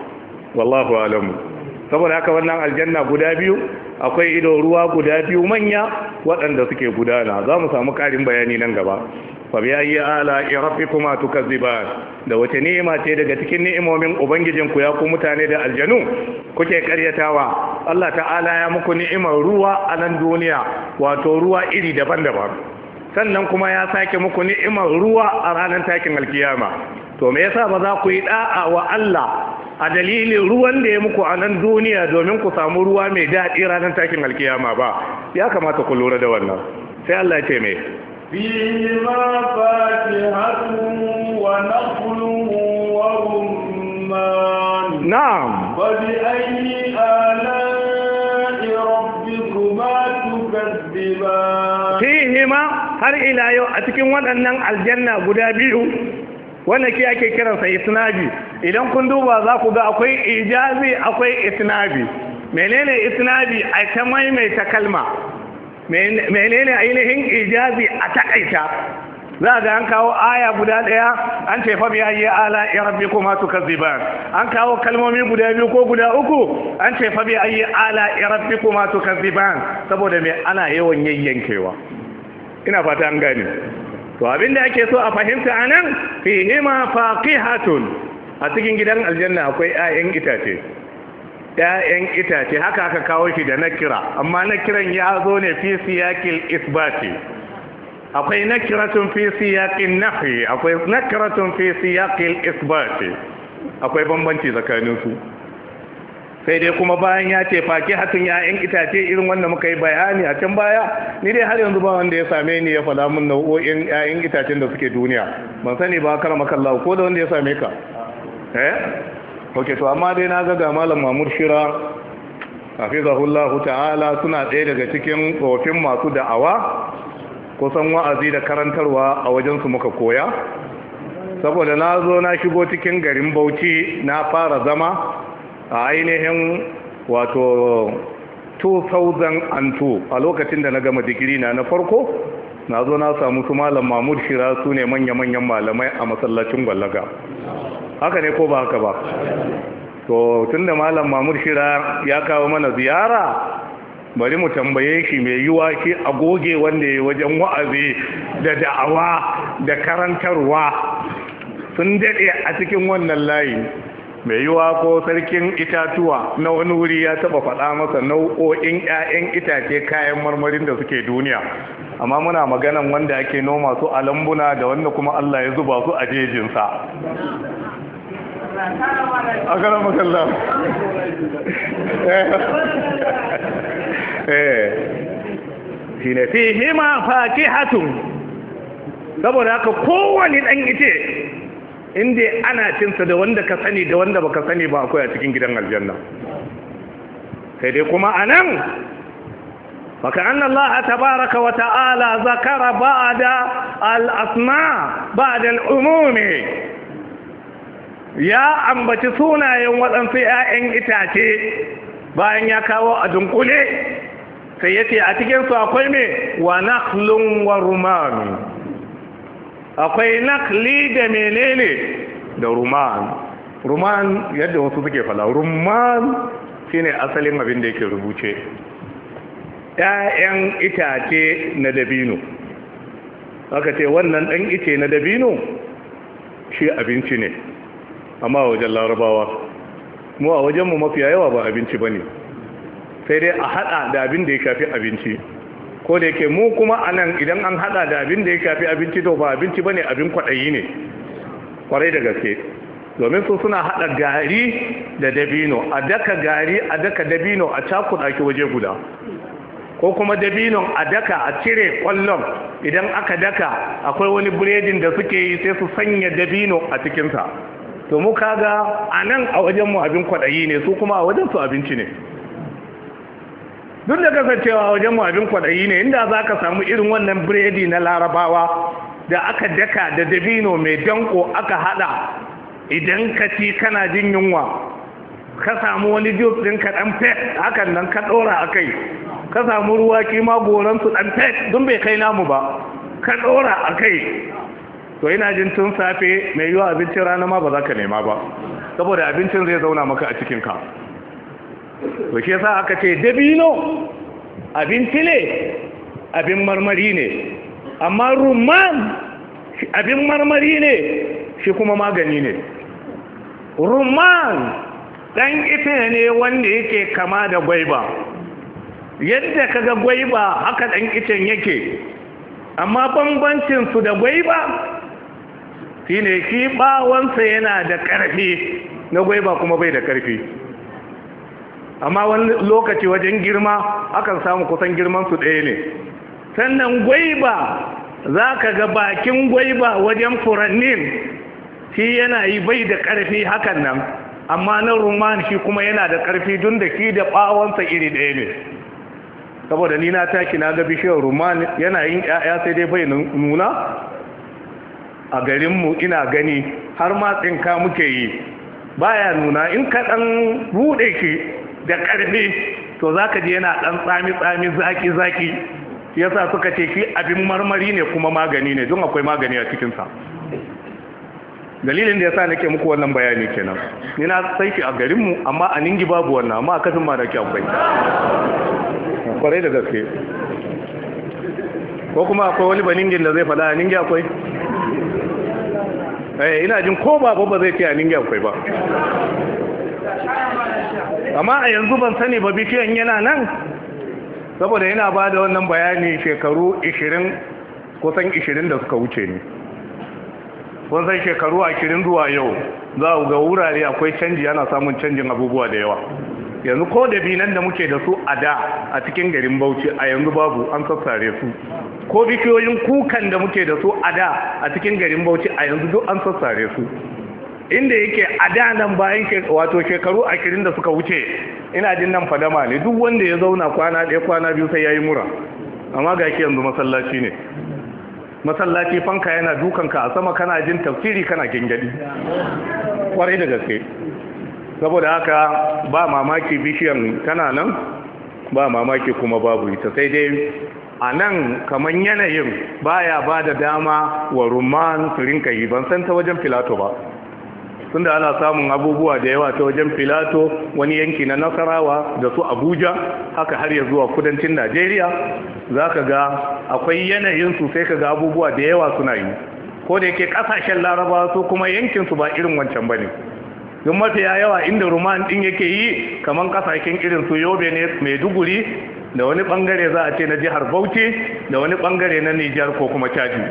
Speaker 1: wallahu alamu saboda haka wannan aljanna guda biyu akwai ido ruwa guda biyu manya waɗanda suke gudana za mu samu ƙarin bayani nan gaba fa bi yi ala tuka ziba da wace ni'ima ce daga cikin ni'imomin ubangijin ku ya ku mutane da aljanu kuke karyatawa Allah ta'ala ya muku ni'imar ruwa a nan duniya wato ruwa iri daban-daban sannan kuma ya sake muku ni'imar ruwa a ranar takin alkiyama to me yasa ba za ku yi da'a wa Allah a dalilin ruwan da ya muku a nan duniya domin ku samu ruwa mai daɗi ranar takin alkiyama ba ya kamata ku lura da wannan sai Allah ce me Fihima, har ila yau a cikin waɗannan aljanna guda biyu wannan shi ake kiransa isnadi idan kun duba za ku ga akwai ijazi akwai isnadi menene isnadi a ta maimaita kalma menene ainihin ijazi a takaita za ga an kawo aya guda ɗaya an ce fa biya ayi ala ya rabbi kuma su kaziban an kawo kalmomi guda biyu ko guda uku an ce fa biya ayi ala ya rabbi kuma su kaziban saboda mai ana yawan yayyankewa ina fata an gane to da ake so a fahimta anan fihima faqihatun a cikin gidan aljanna akwai 'ya'yan itace ‘ya'yan itace haka aka kawo shi da nakira amma nakiran ya zo ne fi siyakil isbati akwai nakiratun fi siyakin nafi akwai nakiratun fi siyakil isbati akwai bambanci tsakaninsu sai dai kuma bayan ya ce faki hatun ya'yan itace irin wanda muka yi bayani a can baya ni dai har yanzu ba wanda ya same ni ya faɗa min nau'o'in ya'yan itacen da suke duniya ban sani ba kar makalla ko da wanda ya same ka eh ok to amma dai na ga ga malam mamur shira hafizahullahu ta'ala suna ɗaya daga cikin tsofin masu da'awa kusan wa'azi da karantarwa a wajensu muka koya saboda na zo na shigo cikin garin bauchi na fara zama a ainihin wato 2002 a lokacin da na gama digiri na na farko na zo na samu su malam mahmud shira su ne manya-manyan malamai a masallacin gwallaga haka ne ko ba haka ba to tun da malam mahmud shira ya kawo mana ziyara bari mu tambaye shi mai yiwa shi a goge wanda ya wajen wa'azi da da'awa da karantarwa sun daɗe a cikin wannan layi mai yiwa ko sarkin itatuwa na wani wuri ya taba faɗa masa nau'o'in 'ya'yan itace kayan marmarin da suke duniya amma muna maganan wanda ake noma su a lambuna da wanda kuma Allah ya zuba su a jejinsa a karan makalla eh. eh. shi ne fi hima fatihatun saboda haka kowane ɗan ice inda ana cinsa da wanda ka sani da wanda baka sani ba akwai a cikin gidan aljanna sai dai kuma a nan baka an Allah tabaraka wa ta'ala zakara ba'da al-asma ba'da al-umumi ya ambaci sunayen waɗansu 'ya'yan itace bayan ya kawo a dunkule sai yace a cikin su akwai me wa nakhlun wa akwai nakli da menene da ruman ruman yadda wasu suke fala ruman shine asalin abin da yake rubuce ‘ya'yan itace na dabino aka ce wannan ɗan ice na dabino shi abinci ne amma wajen larabawa mu a wajenmu mafiya yawa ba abinci ba ne sai dai a haɗa da abin da ya shafi abinci ko da yake mu kuma anan idan an hada da abin da ya kafi abinci to ba abinci bane abin kwadayi ne kwarai da gaske domin su suna hada gari da dabino a daka gari a daka dabino a cakulaki ki waje guda ko kuma dabinon a daka a cire kwallon idan aka daka akwai wani biredin da suke yi sai su sanya dabino a cikinsa to mu kaga a nan a wajenmu abin kwaɗayi ne su kuma a wajen su abinci ne duk da kasancewa wajen mu abin kwaɗayi ne inda za ka samu irin wannan biredi na larabawa da aka daka da dabino mai danko aka haɗa, idan ka ci kana jin yunwa ka samu wani jus ɗin ka ɗan fet hakan nan ka ɗora a kai ka samu ruwa kima goransu ɗan fet don bai kai namu ba ka ɗora a kai to ina jin tun safe mai yiwa abincin rana ma ba za ka nema ba saboda abincin zai zauna maka a cikinka to shi yasa aka ce dabino abinci ne abin marmari ne amma rumman abin marmari ne shi kuma magani ne rumman ɗan ita ne wanda yake kama da gwaiba yadda kaga gwaiba haka ɗan icen yake amma bambancin su da gwaiba shine shi bawansa yana da ƙarfi na gwaiba kuma bai da karfi amma wani lokaci wajen girma akan samu kusan girman su ɗaya ne sannan gwaiba za ka ga bakin gwaiba wajen furannin shi yana yi bai da ƙarfi hakan nan amma na Rumani shi kuma yana da ƙarfi don da ki da ɓawonsa iri ɗaya ne saboda ni na taki na ga bishiyar Rumani. yana yin ƴaƴa sai dai bai nuna a garinmu ina gani har ma tsinka muke yi baya nuna in kaɗan buɗe shi da ƙarfi to za ka ji yana ɗan tsami-tsami zaki-zaki ya sa suka ce fi abin marmari ne kuma magani ne don akwai magani a cikinsa dalilin da ya na nake muku wannan bayani kenan ni na saifi a garinmu amma a ningi babu wannan amma a kasin ma nake akwai kwarai da gaske ko kuma akwai wani baningin da zai fada a ningi akwai eh ina jin ko ba ba zai fi a ningi akwai ba amma a yanzu ban sani ba bishiyan yana nan saboda yana ba da wannan bayani shekaru 20 kusan 20 da suka wuce ne kun san shekaru 20 zuwa yau za a ga wurare akwai canji ana samun canjin abubuwa da yawa yanzu ko da binan da muke da su a da a cikin garin bauchi a yanzu babu an sassare su ko bishiyoyin kukan da muke da su a da a cikin garin bauchi a yanzu duk an sassare su inda yake a bayan wato shekaru kirin da suka wuce ina jin nan fadama ne duk wanda ya zauna kwana ɗaya kwana biyu sai ya yi mura amma ga ke yanzu masallaci ne masallaci fanka yana dukanka a sama kana jin tafsiri kana gingadi kwarai da gaske saboda haka ba mamaki bishiyan tana nan ba mamaki kuma babu ita sai dai a nan kamar yanayin baya ba da dama wa rumman su ban san ta wajen filato ba Sun da ana samun abubuwa da yawa ta wajen filato wani yanki na nasarawa da su abuja haka har ya zuwa kudancin najeriya za ka ga akwai yanayin su sai ka ga abubuwa da yawa suna yi ko da yake kasashen laraba su kuma yankin su ba irin wancan ba ne don mafiya yawa inda ruman din yake yi kamar kasashen irin su yobe ne maiduguri da wani bangare za a ce na jihar bauchi da wani bangare na nijar ko kuma caji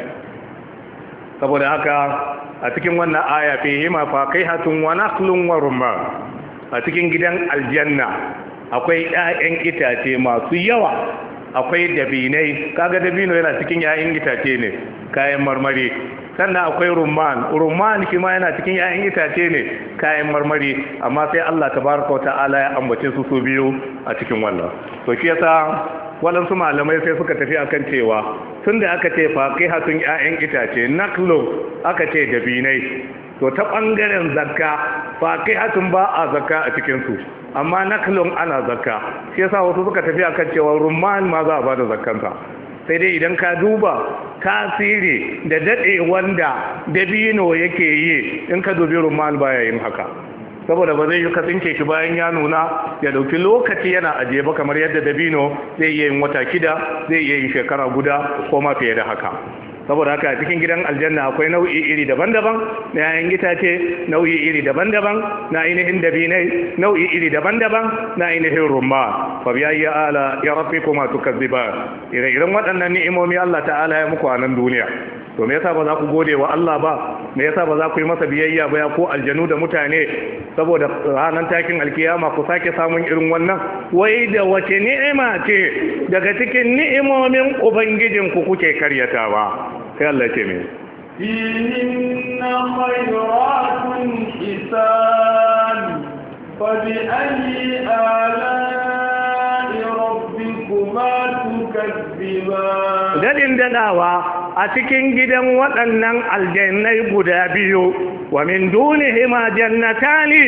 Speaker 1: saboda haka a cikin wannan aya fihi ma hatun wa nakhlun wa rumma. a cikin gidan aljanna akwai 'ya'yan itace masu yawa akwai dabinai kaga dabino yana cikin 'ya'yan itace ne kayan marmari sannan akwai rumman rumman shi ma yana cikin 'ya'yan itace ne kayan marmari amma sai Allah tabaraka wa ta'ala ya ambace su su biyu a cikin wannan to shi yasa waɗansu malamai sai suka tafi akan cewa tun da aka ce faqihatun 'ya'yan itace naklo aka ce dabinai to ta ɓangaren zakka faqihatun ba a zakka a cikinsu, amma naklon ana zakka shi yasa wasu suka tafi akan cewa rumman ma za a bada zakkansa sai dai idan ka duba tasiri da daɗe wanda dabino yake yi in ka dubi rumman baya yin haka saboda ba zai yi ka tsinke shi bayan ya nuna ya dauki lokaci yana ajiye ba kamar yadda dabino zai iya yin wata kida zai iya yin shekara guda ko ma fiye da haka saboda haka a cikin gidan aljanna akwai nau'i iri daban-daban na yayin gitace nau'i iri daban-daban na ainihin dabinai nau'i iri daban-daban na ainihin rumma fa biya ya ala ya rabbikuma tukazziba ire iren waɗannan ni'imomi Allah ta'ala ya muku a nan duniya to me yasa ba za ku gode wa Allah ba me yasa ba za ku yi masa biyayya ba ya ko aljanu da mutane saboda ranar takin alkiyama ku sake samun irin wannan wai da wace ni'ima ce daga cikin ni'imomin ubangijin ubangijinku kuke karyatawa kai Allah ce mai
Speaker 3: fihinna khayratun hisan fa bi ayi kuma rabbikuma tukazziban dadin
Speaker 1: dadawa a cikin gidan waɗannan aljannai guda biyu wa min ma jannatani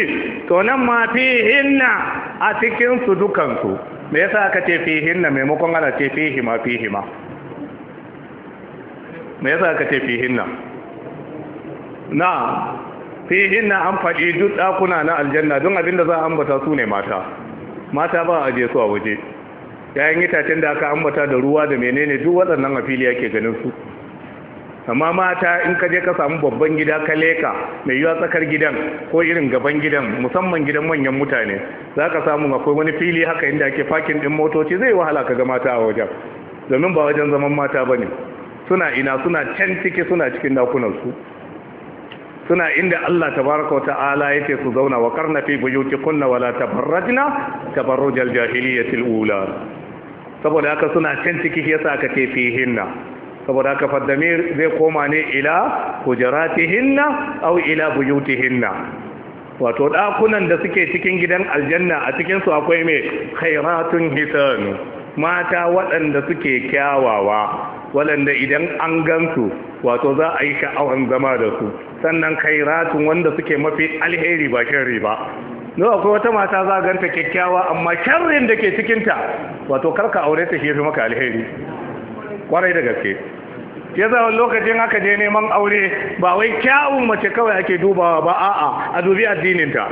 Speaker 1: to nan ma fihinna a cikin su dukansu me yasa ka ce fihinna maimakon ana ce fihima fihima me yasa aka ce fihinna na fihinna an faɗi duk ɗakuna na aljanna don abinda za a ambata su ne mata mata ba a je su a waje yayin itacen da aka ambata da ruwa da menene duk waɗannan a fili yake ganin su amma mata in ka je ka samu babban gida ka leka mai yiwa tsakar gidan ko irin gaban gidan musamman gidan manyan mutane za ka samu akwai wani fili haka inda ake fakin din motoci zai wahala ka ga mata a wajen domin ba wajen zaman mata ba ne suna ina suna can ciki suna cikin dakunansu suna inda Allah tabaraka wa ta'ala yake su zauna wa karna fi buyutikunna wala tabarrajna tabarrujal jahiliyatil ula saboda haka suna can ciki yasa aka ce hinna saboda haka faddamir zai koma ne ila hujaratihinna aw ila buyutihinna wato dakunan da suke cikin gidan aljanna a cikin su akwai me khairatun hisan mata waɗanda suke kyawawa waɗanda idan an gansu wato za a yi sha'awan zama da su sannan kai ratun wanda suke mafi alheri ba shirri ba no akwai wata mata za ganta kyakkyawa amma shirrin da ke cikinta wato karka aure ta shi maka alheri kwarai da gaske ya zama lokacin aka je neman aure ba wai kyawun mace kawai ake dubawa ba a'a a dubi addininta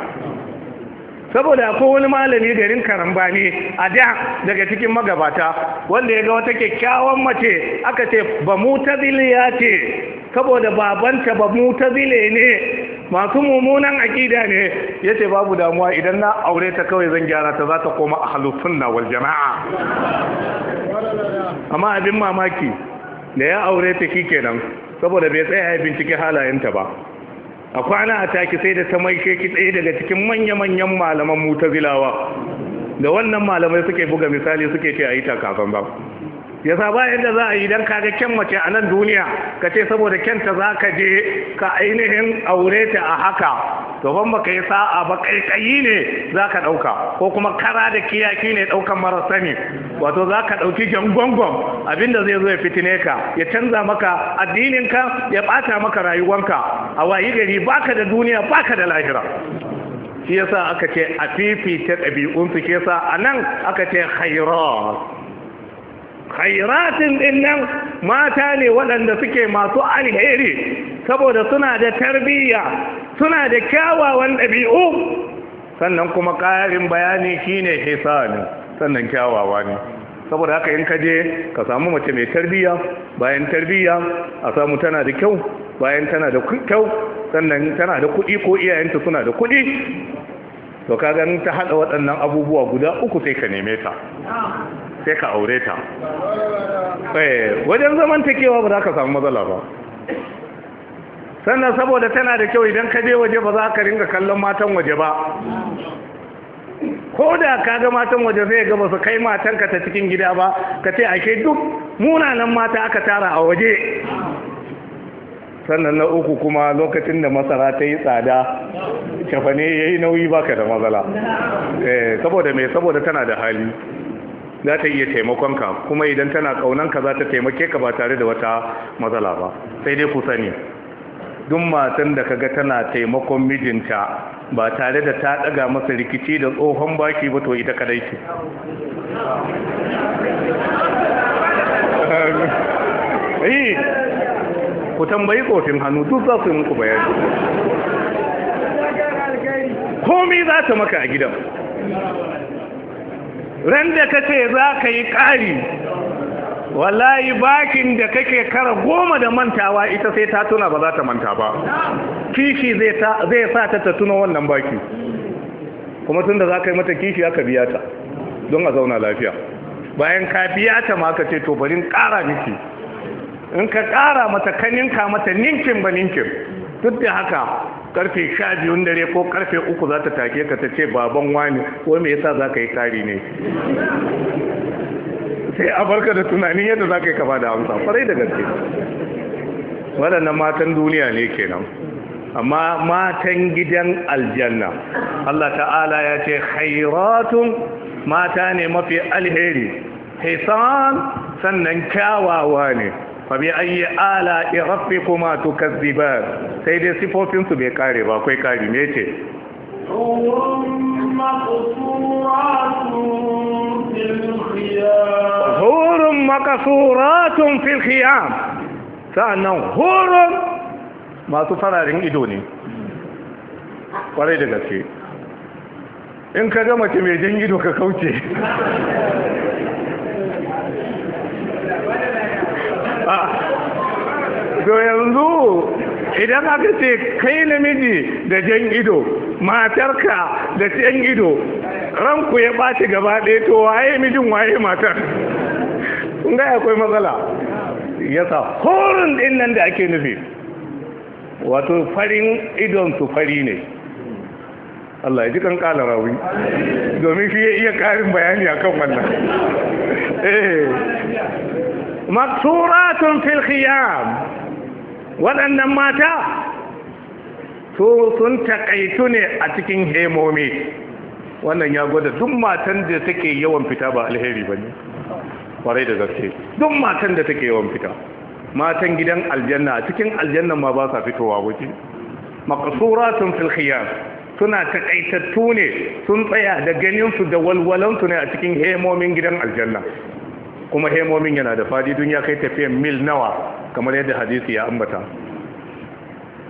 Speaker 1: saboda akwai wani malami garin karambani a da daga cikin magabata wanda ya ga wata kyakkyawan mace aka ce ba mu ya ce saboda babanta ba mu mutazile ne masu mummunan aƙida ne ya ce babu damuwa idan na aure ta kawai zan gyara ta za ta koma a halittun na wal jama'a amma abin mamaki da ya aure ta kenan saboda bai tsaya ya bincike halayenta ba a kwana a taki sai da ta maishe ki tsaye daga cikin manya-manyan malaman mutazilawa da wannan malamai suke buga misali suke ce a yi takafan ba Ya sa ba yadda za a yi don kaga kyan mace a nan duniya ka ce saboda kyanta za ka je ka ainihin aure ta a haka to ban baka yi sa'a ba kaikayi ne za ka ɗauka ko kuma kara da kiyaki ne ɗaukan mara sani wato za ka ɗauki gyangongon abinda zai zo ya fitine ka ya canza maka addininka ya ɓata maka rayuwanka a wayi gari baka da duniya baka da lahira shi yasa aka ce a fifita ɗabi'un su ke sa a nan aka ce khairar khairatin din nan mata ne waɗanda suke masu alheri saboda suna da tarbiyya suna da kyawawan ɗabi'u sannan kuma ƙarin bayani shine hisani sannan kyawawa ne saboda haka in ka je ka samu mace mai tarbiyya bayan tarbiyya a samu tana da kyau bayan tana da kyau sannan tana da kuɗi ko iyayenta suna da kuɗi to ka ganin ta haɗa waɗannan abubuwa guda uku sai ka neme ta sai ka aure ta eh, wajen zamantakewa ba za ka samu matsala ba sannan saboda tana da kyau idan ka je waje ba za ka ringa kallon matan waje ba ko da ka ga matan waje zai ga su kai matan ka ta cikin gida ba ka ce ake duk munanan mata aka tara a waje sannan na uku kuma lokacin da masara ta yi tsada shafane ya yi nauyi baka da matsala eh, saboda mai saboda tana da hali za ta iya taimakon ka kuma idan tana kaunan ka za ta taimake ka ba tare da wata matsala ba sai dai ku sani duk matan da kaga tana taimakon mijinta ba tare da ta daga masa rikici da tsohon baki ba to ita kadai ce eh, ku tambayi kofin hannu duk za su yi muku bayani komi za ta maka a gidan Randa ka ce za ka yi ƙari wallahi bakin da kake kara goma da mantawa ita sai ta tuna ba za ta manta ba kishi zai sa ta ta tuna wannan baki kuma tun da za ka yi mata kishi aka biya ta don a zauna lafiya bayan ka biya ta ma ka ce to ƙara miki in ka ƙara mata ka ninka mata ninkin ba ninkin duk da haka karfe sha biyun dare ko karfe uku za ta take ka ta ce baban wani ko me yasa za ka yi kari ne sai a barka da tunanin yadda za ka yi kafa da amsa farai da gaske waɗannan matan duniya ne kenan amma matan gidan aljanna Allah ta'ala ya ce hairatun mata ne mafi alheri hisan sannan kyawawa ne fa bi ayi ala rabbikuma tukazziban sai dai sifofin su bai kare ba kai kari me ce hurun makasuratun fil khiyam sa'annan hurun masu fararin ido ne kwarai da gaske in ka ga mace mai jan ido ka kauce to yanzu idan aka ce kai namiji da jan ido matarka da jan ido ranku ya ɓaci gaba ɗaya to waye mijin waye matar kun ga akwai matsala yasa horin ɗin nan da ake nufi wato farin idon su fari ne Allah ya ji kan kala rawi domin shi iya karin bayani akan wannan eh maksuratun fil khiyam waɗannan mata to sun taƙaitu ne a cikin hemomi wannan ya gwada duk matan da take yawan fita ba alheri ba ne kwarai da gaske duk matan da take yawan fita matan gidan aljanna cikin aljanna ma ba sa fitowa waje maqsuratun fil khiyam suna taƙaitattu ne sun tsaya da ganin da walwalan ne a cikin hemomin gidan aljanna kuma hemomin yana da fadi duniya ya kai tafiyan mil nawa kamar yadda hadisi ya ambata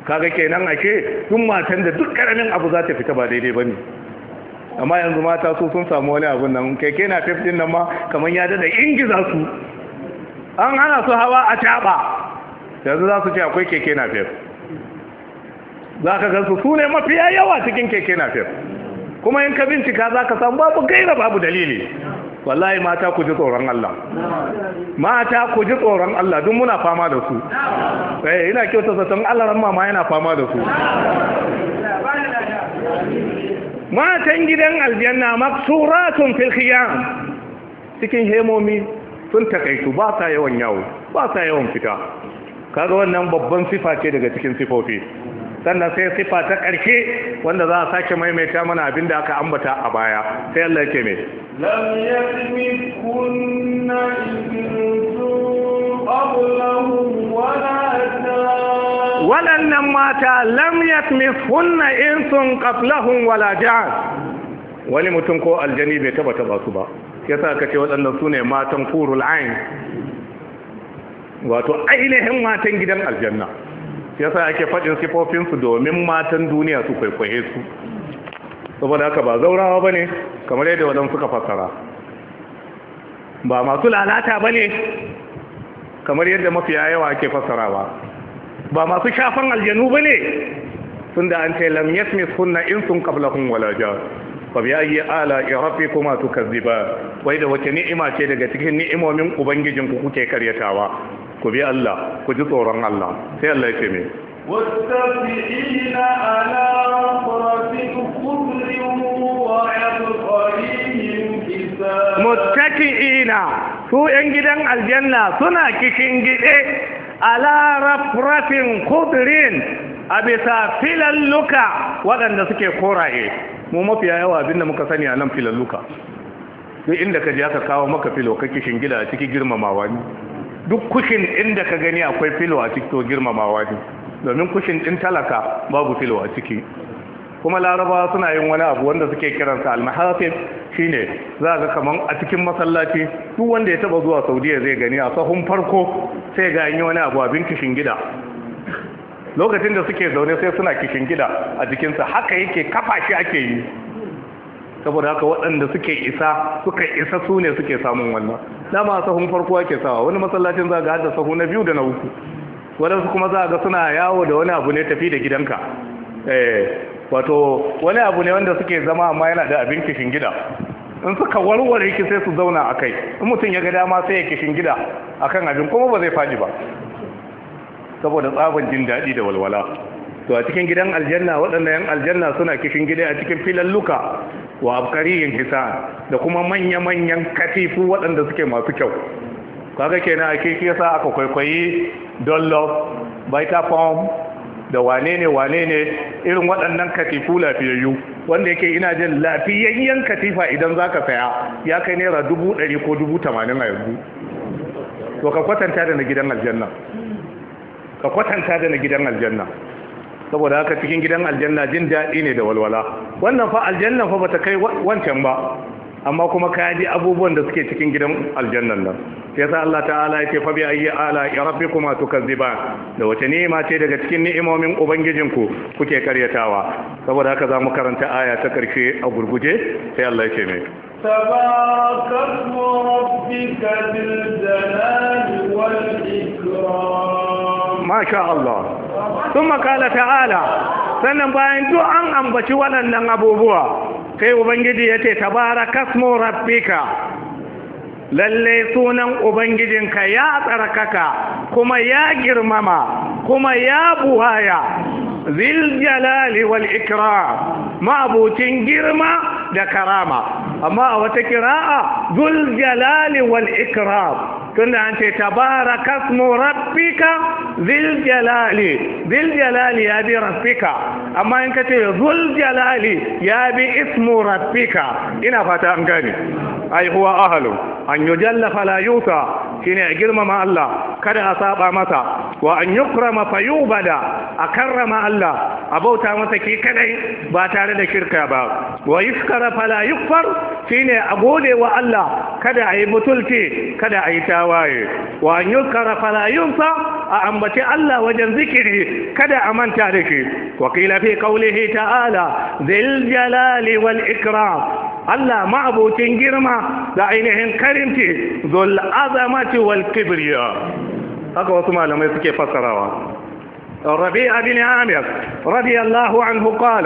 Speaker 1: kaga kenan ake duk matan da duk karamin abu za ta fita ba daidai ba ne amma yanzu mata su sun samu wani abun nan keke na 15 nan ma kamar ya dada ingiza su an hana su hawa a taba yanzu za su ce akwai keke na 15 za ka gansu su ne mafiya yawa cikin keke na 15 kuma in ka bincika za ka samu babu gaira babu dalili wallahi mata ku ji tsoron Allah mata ku ji tsoron Allah duk muna fama da su eh ina kyauta zaton Allah ran mama yana fama da su matan gidan aljanna maksuratun fil khiyam cikin hemomi sun takaitu ba sa yawan yawo ba sa yawan fita kaga wannan babban sifa ce daga cikin sifofi sannan sai sifa ta ƙarshe wanda za a sake maimaita mana abin da aka ambata a baya sai Allah yake mai
Speaker 3: lam yasmit kunna ibnu qablahum
Speaker 1: wala waɗannan mata lam kunna insun qablahum wala jan wani mutum ko aljani bai taba taba su ba yasa ka ce waɗannan ne matan furul ain wato ainihin matan gidan aljanna Ya yasa ake faɗin sifofinsu domin matan duniya su kwaikwaye su saboda haka ba zaurawa ba ne kamar yadda waɗansu suka fassara ba masu lalata ba ne kamar yadda mafiya yawa ake fassarawa ba masu shafan aljanu ba ne sun da an ce lam mis hunna in sun kablahun walaja fa bi ayi ala irafikuma ba. wai da wace ni'ima ce daga cikin ni'imomin ubangijin ku kuke karyatawa ku bi Allah ku ji tsoron Allah sai Allah ya ce me su ‘yan gidan aljanna suna kishin gide a larafrafin kudurin a bisa filalluka waɗanda suke koraye mu mafiya yawa da muka sani a nan filalluka duk inda ka ji aka kawo maka filo ka kishin gida a ciki girmamawa ne duk kushin inda ka gani akwai filo a ciki to girmamawa ne domin kushin din talaka babu filo a ciki kuma laraba suna yin wani abu wanda suke kiransa almahafin shine za ga kaman a cikin masallaci duk wanda ya taba zuwa saudiya zai gani a sahun farko sai ga yin wani abu abin kishin gida lokacin da suke zaune sai suna kishin gida a jikinsa haka yake kafa shi ake yi saboda haka waɗanda suke isa suka isa su ne suke samun wannan dama sahun farko ake sawa wani masallacin za ga hada sahu na biyu da na uku waɗansu kuma za ga suna yawo da wani abu ne tafi da gidanka eh wato wani abu ne wanda suke zama amma yana da abin kishin gida in suka warware ki sai su zauna a kai in mutum ya ga dama sai ya kishin gida akan abin kuma ba zai faɗi ba saboda tsaban jin daɗi da walwala to a cikin gidan aljanna waɗanda yan aljanna suna kishin gida a cikin filalluka. wa abkariyin hisa da kuma manya-manyan katifu waɗanda suke masu kyau kaga kenan ake sa aka kwaikwayi dollof vitafoam da wane ne wane ne irin waɗannan katifu lafiyayyu wanda yake ina jin lafiyayyen katifa idan za ka saya ya kai naira dubu ɗari ko dubu tamanin a yanzu ka kwatanta da na gidan aljanna ka kwatanta da na gidan aljanna saboda haka cikin gidan aljanna jin daɗi ne da walwala wannan fa aljanna fa bata kai wancan ba amma kuma ka ji abubuwan da suke cikin gidan aljannan nan sai sa Allah ta'ala ya ce fa bi ayyi ala rabbikuma ba da wace ni'ima ce daga cikin ni'imomin ubangijin ku kuke karyatawa saboda haka za mu karanta aya ta karshe a gurguje sai Allah ya mai
Speaker 3: تبارك اسم
Speaker 1: ما شاء الله ثم قال تعالى sannan bayan duk an ambaci waɗannan abubuwa sai ubangiji ya ce tabaraka smu rabbika lalle sunan ubangijinka ya tsarkaka kuma ya girmama kuma ya buhaya zil jalali wal ikram ma'abucin girma da karama amma a wata kira'a zul jalali wal ikram tunda an ce tabaraka smu rabbika zil jalali zil jalali ya bi rabbika amma in ka ce zul jalali ya bi ismu rabbika ina fata an gani. ai huwa ahlu an yujalla fala yuta shine a girmama Allah kada a saba masa wa an yukrama fa a karrama Allah a bauta masa ke kadai ba tare da kirka ba wa yuskara fala yukfar shine a gode wa Allah kada a yi mutulci kada a yi tawaye wa an yuskara fala yunsa a ambaci Allah wajen zikiri kada a manta da shi wa qila fi qawlihi ta'ala zil jalali wal ikram Allah ma'abocin girma da ainihin karimci zul azamati wal kibriya haka wasu malamai suke fassarawa ربيع بن عامر رضي الله عنه قال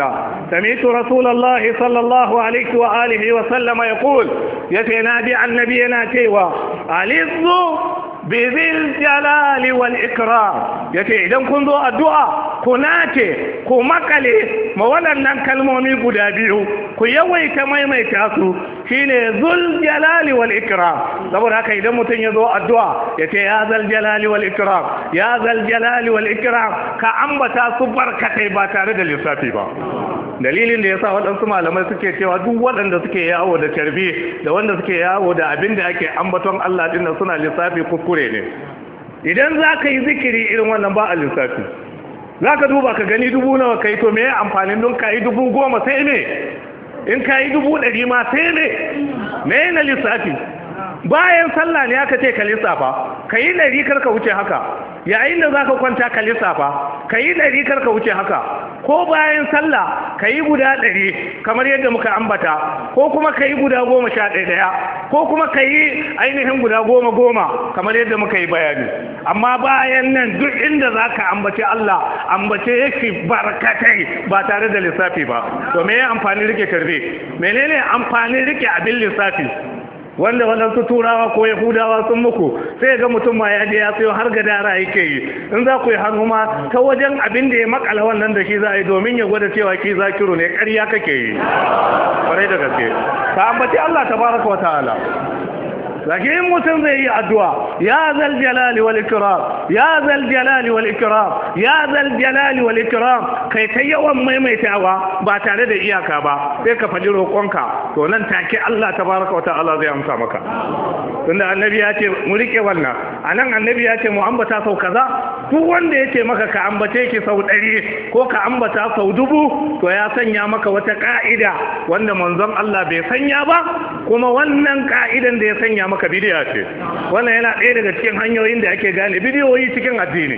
Speaker 1: سمعت رسول الله صلى الله عليه وآله وسلم يقول يتنادي عن نبينا شيوا ألذ bizil jalali wal ikram yace idan kun zo addu'a ku nace ku makale ma waɗannan kalmomi guda biyu ku yawaita maimaita su shine zul jalali wal ikram saboda haka idan mutum ya zo addu'a yace ya zal jalali wal ikram ya zal jalali wal ikram ka ambata su barkatai ba tare da lissafi ba dalilin da ya sa waɗansu malamai suke cewa duk waɗanda suke yawo da tarbi da wanda suke yawo da abin da ake ambaton Allah ɗin suna lissafi kuskure ne idan za ka yi zikiri irin wannan ba a lissafi za ka duba ka gani dubu nawa ka yi to me amfanin don ka yi dubu goma sai ne in ka yi dubu ɗari ma sai ne me na lissafi bayan sallah ne aka ce ka lissafa ka yi ɗari kar ka wuce haka yayin da za ka kwanta ka lissafa ka yi ɗari kar ka wuce haka ko bayan sallah ka yi guda ɗari kamar yadda muka ambata ko kuma ka yi guda goma sha ɗaya ko kuma ka yi ainihin guda goma goma kamar yadda muka yi bayani amma bayan nan duk inda za ka ambace Allah ambace yaki barkatai ba tare da lissafi ba to me ya amfani rike karbe menene amfani rike abin lissafi wanda wadansu turawa ko yahudawa sun muku sai ga mutum ma ya je ya sayo har gadara yake yi in za ku yi hannu ma ta wajen abin da ya makala wannan da shi za a yi domin ya gwada cewa ki za zakiru ne ƙarya kake yi kwarai da gaske ka ambaci Allah tabaraka wa ta'ala lakin in mutum zai yi addu'a ya zal jalali wal ikram ya zal jalali wal ikram ya zal jalali wal ikram kai ta yawan maimaitawa ba tare da iyaka ba sai ka faɗi roƙonka to nan take Allah tabaraka wata Allah zai amsa maka tunda annabi ya ce mu riƙe wannan anan annabi ya ce mu ambata sau kaza duk wanda yake maka ka ambace ki sau ɗari ko ka ambata sau dubu to ya sanya maka wata ka'ida wanda manzon Allah bai sanya ba kuma wannan ka'idan da ya sanya maka bidiya ce wannan yana ɗaya daga cikin hanyoyin da ake gane bidiyoyi cikin addini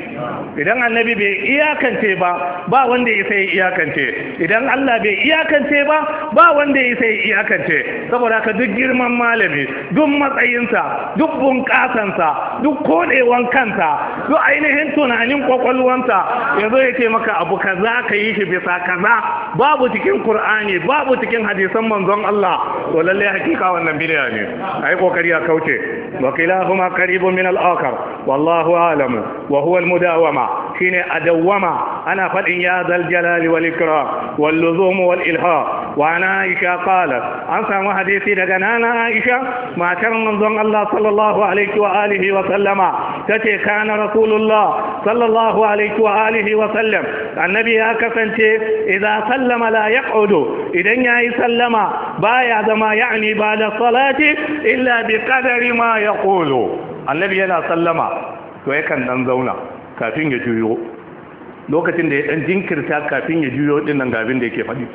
Speaker 1: idan annabi bai iyakance ba ba wanda ya sai iyakance idan Allah bai iyakance ba ba wanda ya sai iyakance saboda ka duk girman malami duk matsayinsa duk bunƙasansa duk kodewan kansa duk ainihin tunanin kwakwalwansa ya zo ya ce maka abu kaza ka yi shi bisa kaza babu cikin Kur'ani babu cikin hadisan manzon Allah to lalle hakika wannan bid'a ne ai kokari a kauce wa kilahuma qaribun min al-akhar wallahu a'lamu wa huwa al-mudawama shine adawama ana fadin ya zal jalali wal ikram wal luzum wal ilha wa ana aisha qalat an samu hadisi daga nana aisha matar manzon Allah sallallahu alaihi wa alihi wa sallama tace kana rasulullah sallallahu alaihi wa alihi wa sallam annabi ya kasance idan sallama la yaqudu idan yayi sallama baya zama ya'ni ba da salati illa bi qadari ma yaqulu annabi yana sallama to yakan dan zauna kafin ya juyo lokacin da ya dan jinkirta kafin ya juyo din nan gabin da yake faɗi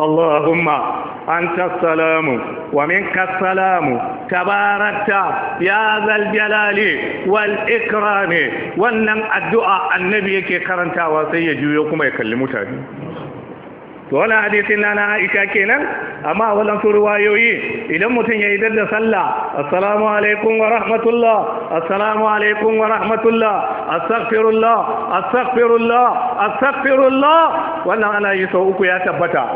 Speaker 1: اللهم أنت السلام ومنك السلام تباركت يا ذا الجلال والإكرام wannan addu'a annabi yake karantawa sai ya juyo kuma ya kalli mutane to wannan hadisin na na Aisha kenan amma wannan su ruwayoyi idan mutum ya idar da sallah assalamu alaikum wa rahmatullah assalamu alaikum wa rahmatullah astaghfirullah astaghfirullah astaghfirullah wannan ana sau uku ya tabbata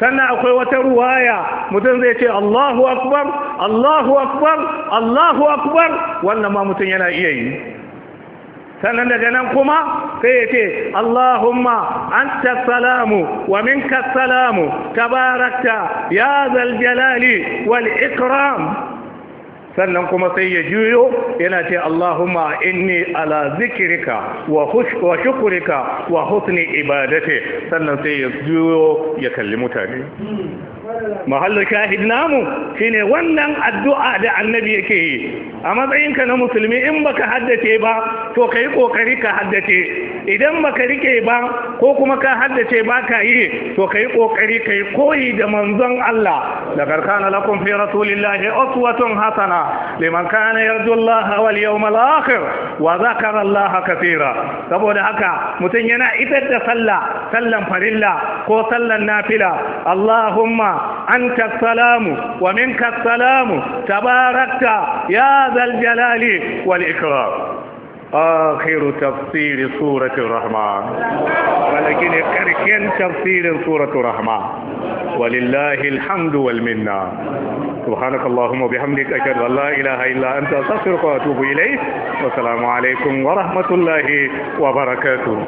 Speaker 1: sannan akwai wata ruwaya mutum zai ce Allahu akbar Allahu akbar Allahu akbar wannan ma mutum yana iya yi sannan daga nan kuma sai ya ce Allahumma anta salamu wa minka salamu tabarakta ya zal jalali wal ikram sannan kuma sai ya juyo yana ce Allahumma inni ala zikirika wa shukurika wa husni ibadati sannan sai ya juyo ya kalli mutane mahallu shahid namu shine wannan addu'a da annabi yake yi a matsayinka na musulmi in baka haddace ba to yi ƙoƙari ka haddace idan baka rike ba ko kuma ka haddace ba ka yi to ƙoƙari ka yi koyi da manzon Allah da karkana lakum fi rasulillahi aswatun hasana liman kana yarju Allah wal yawmal akhir wa zakara Allah kaseera saboda haka mutum yana isar da sallah sallan farilla ko sallan nafila Allahumma أنت السلام ومنك السلام تباركت يا ذا الجلال والإكرام آخر تفسير سورة الرحمن ولكن كركن تفسير سورة الرحمن ولله الحمد والمنة سبحانك اللهم وبحمدك أشهد أن لا إله إلا أنت أستغفرك وأتوب إليك والسلام عليكم ورحمة الله وبركاته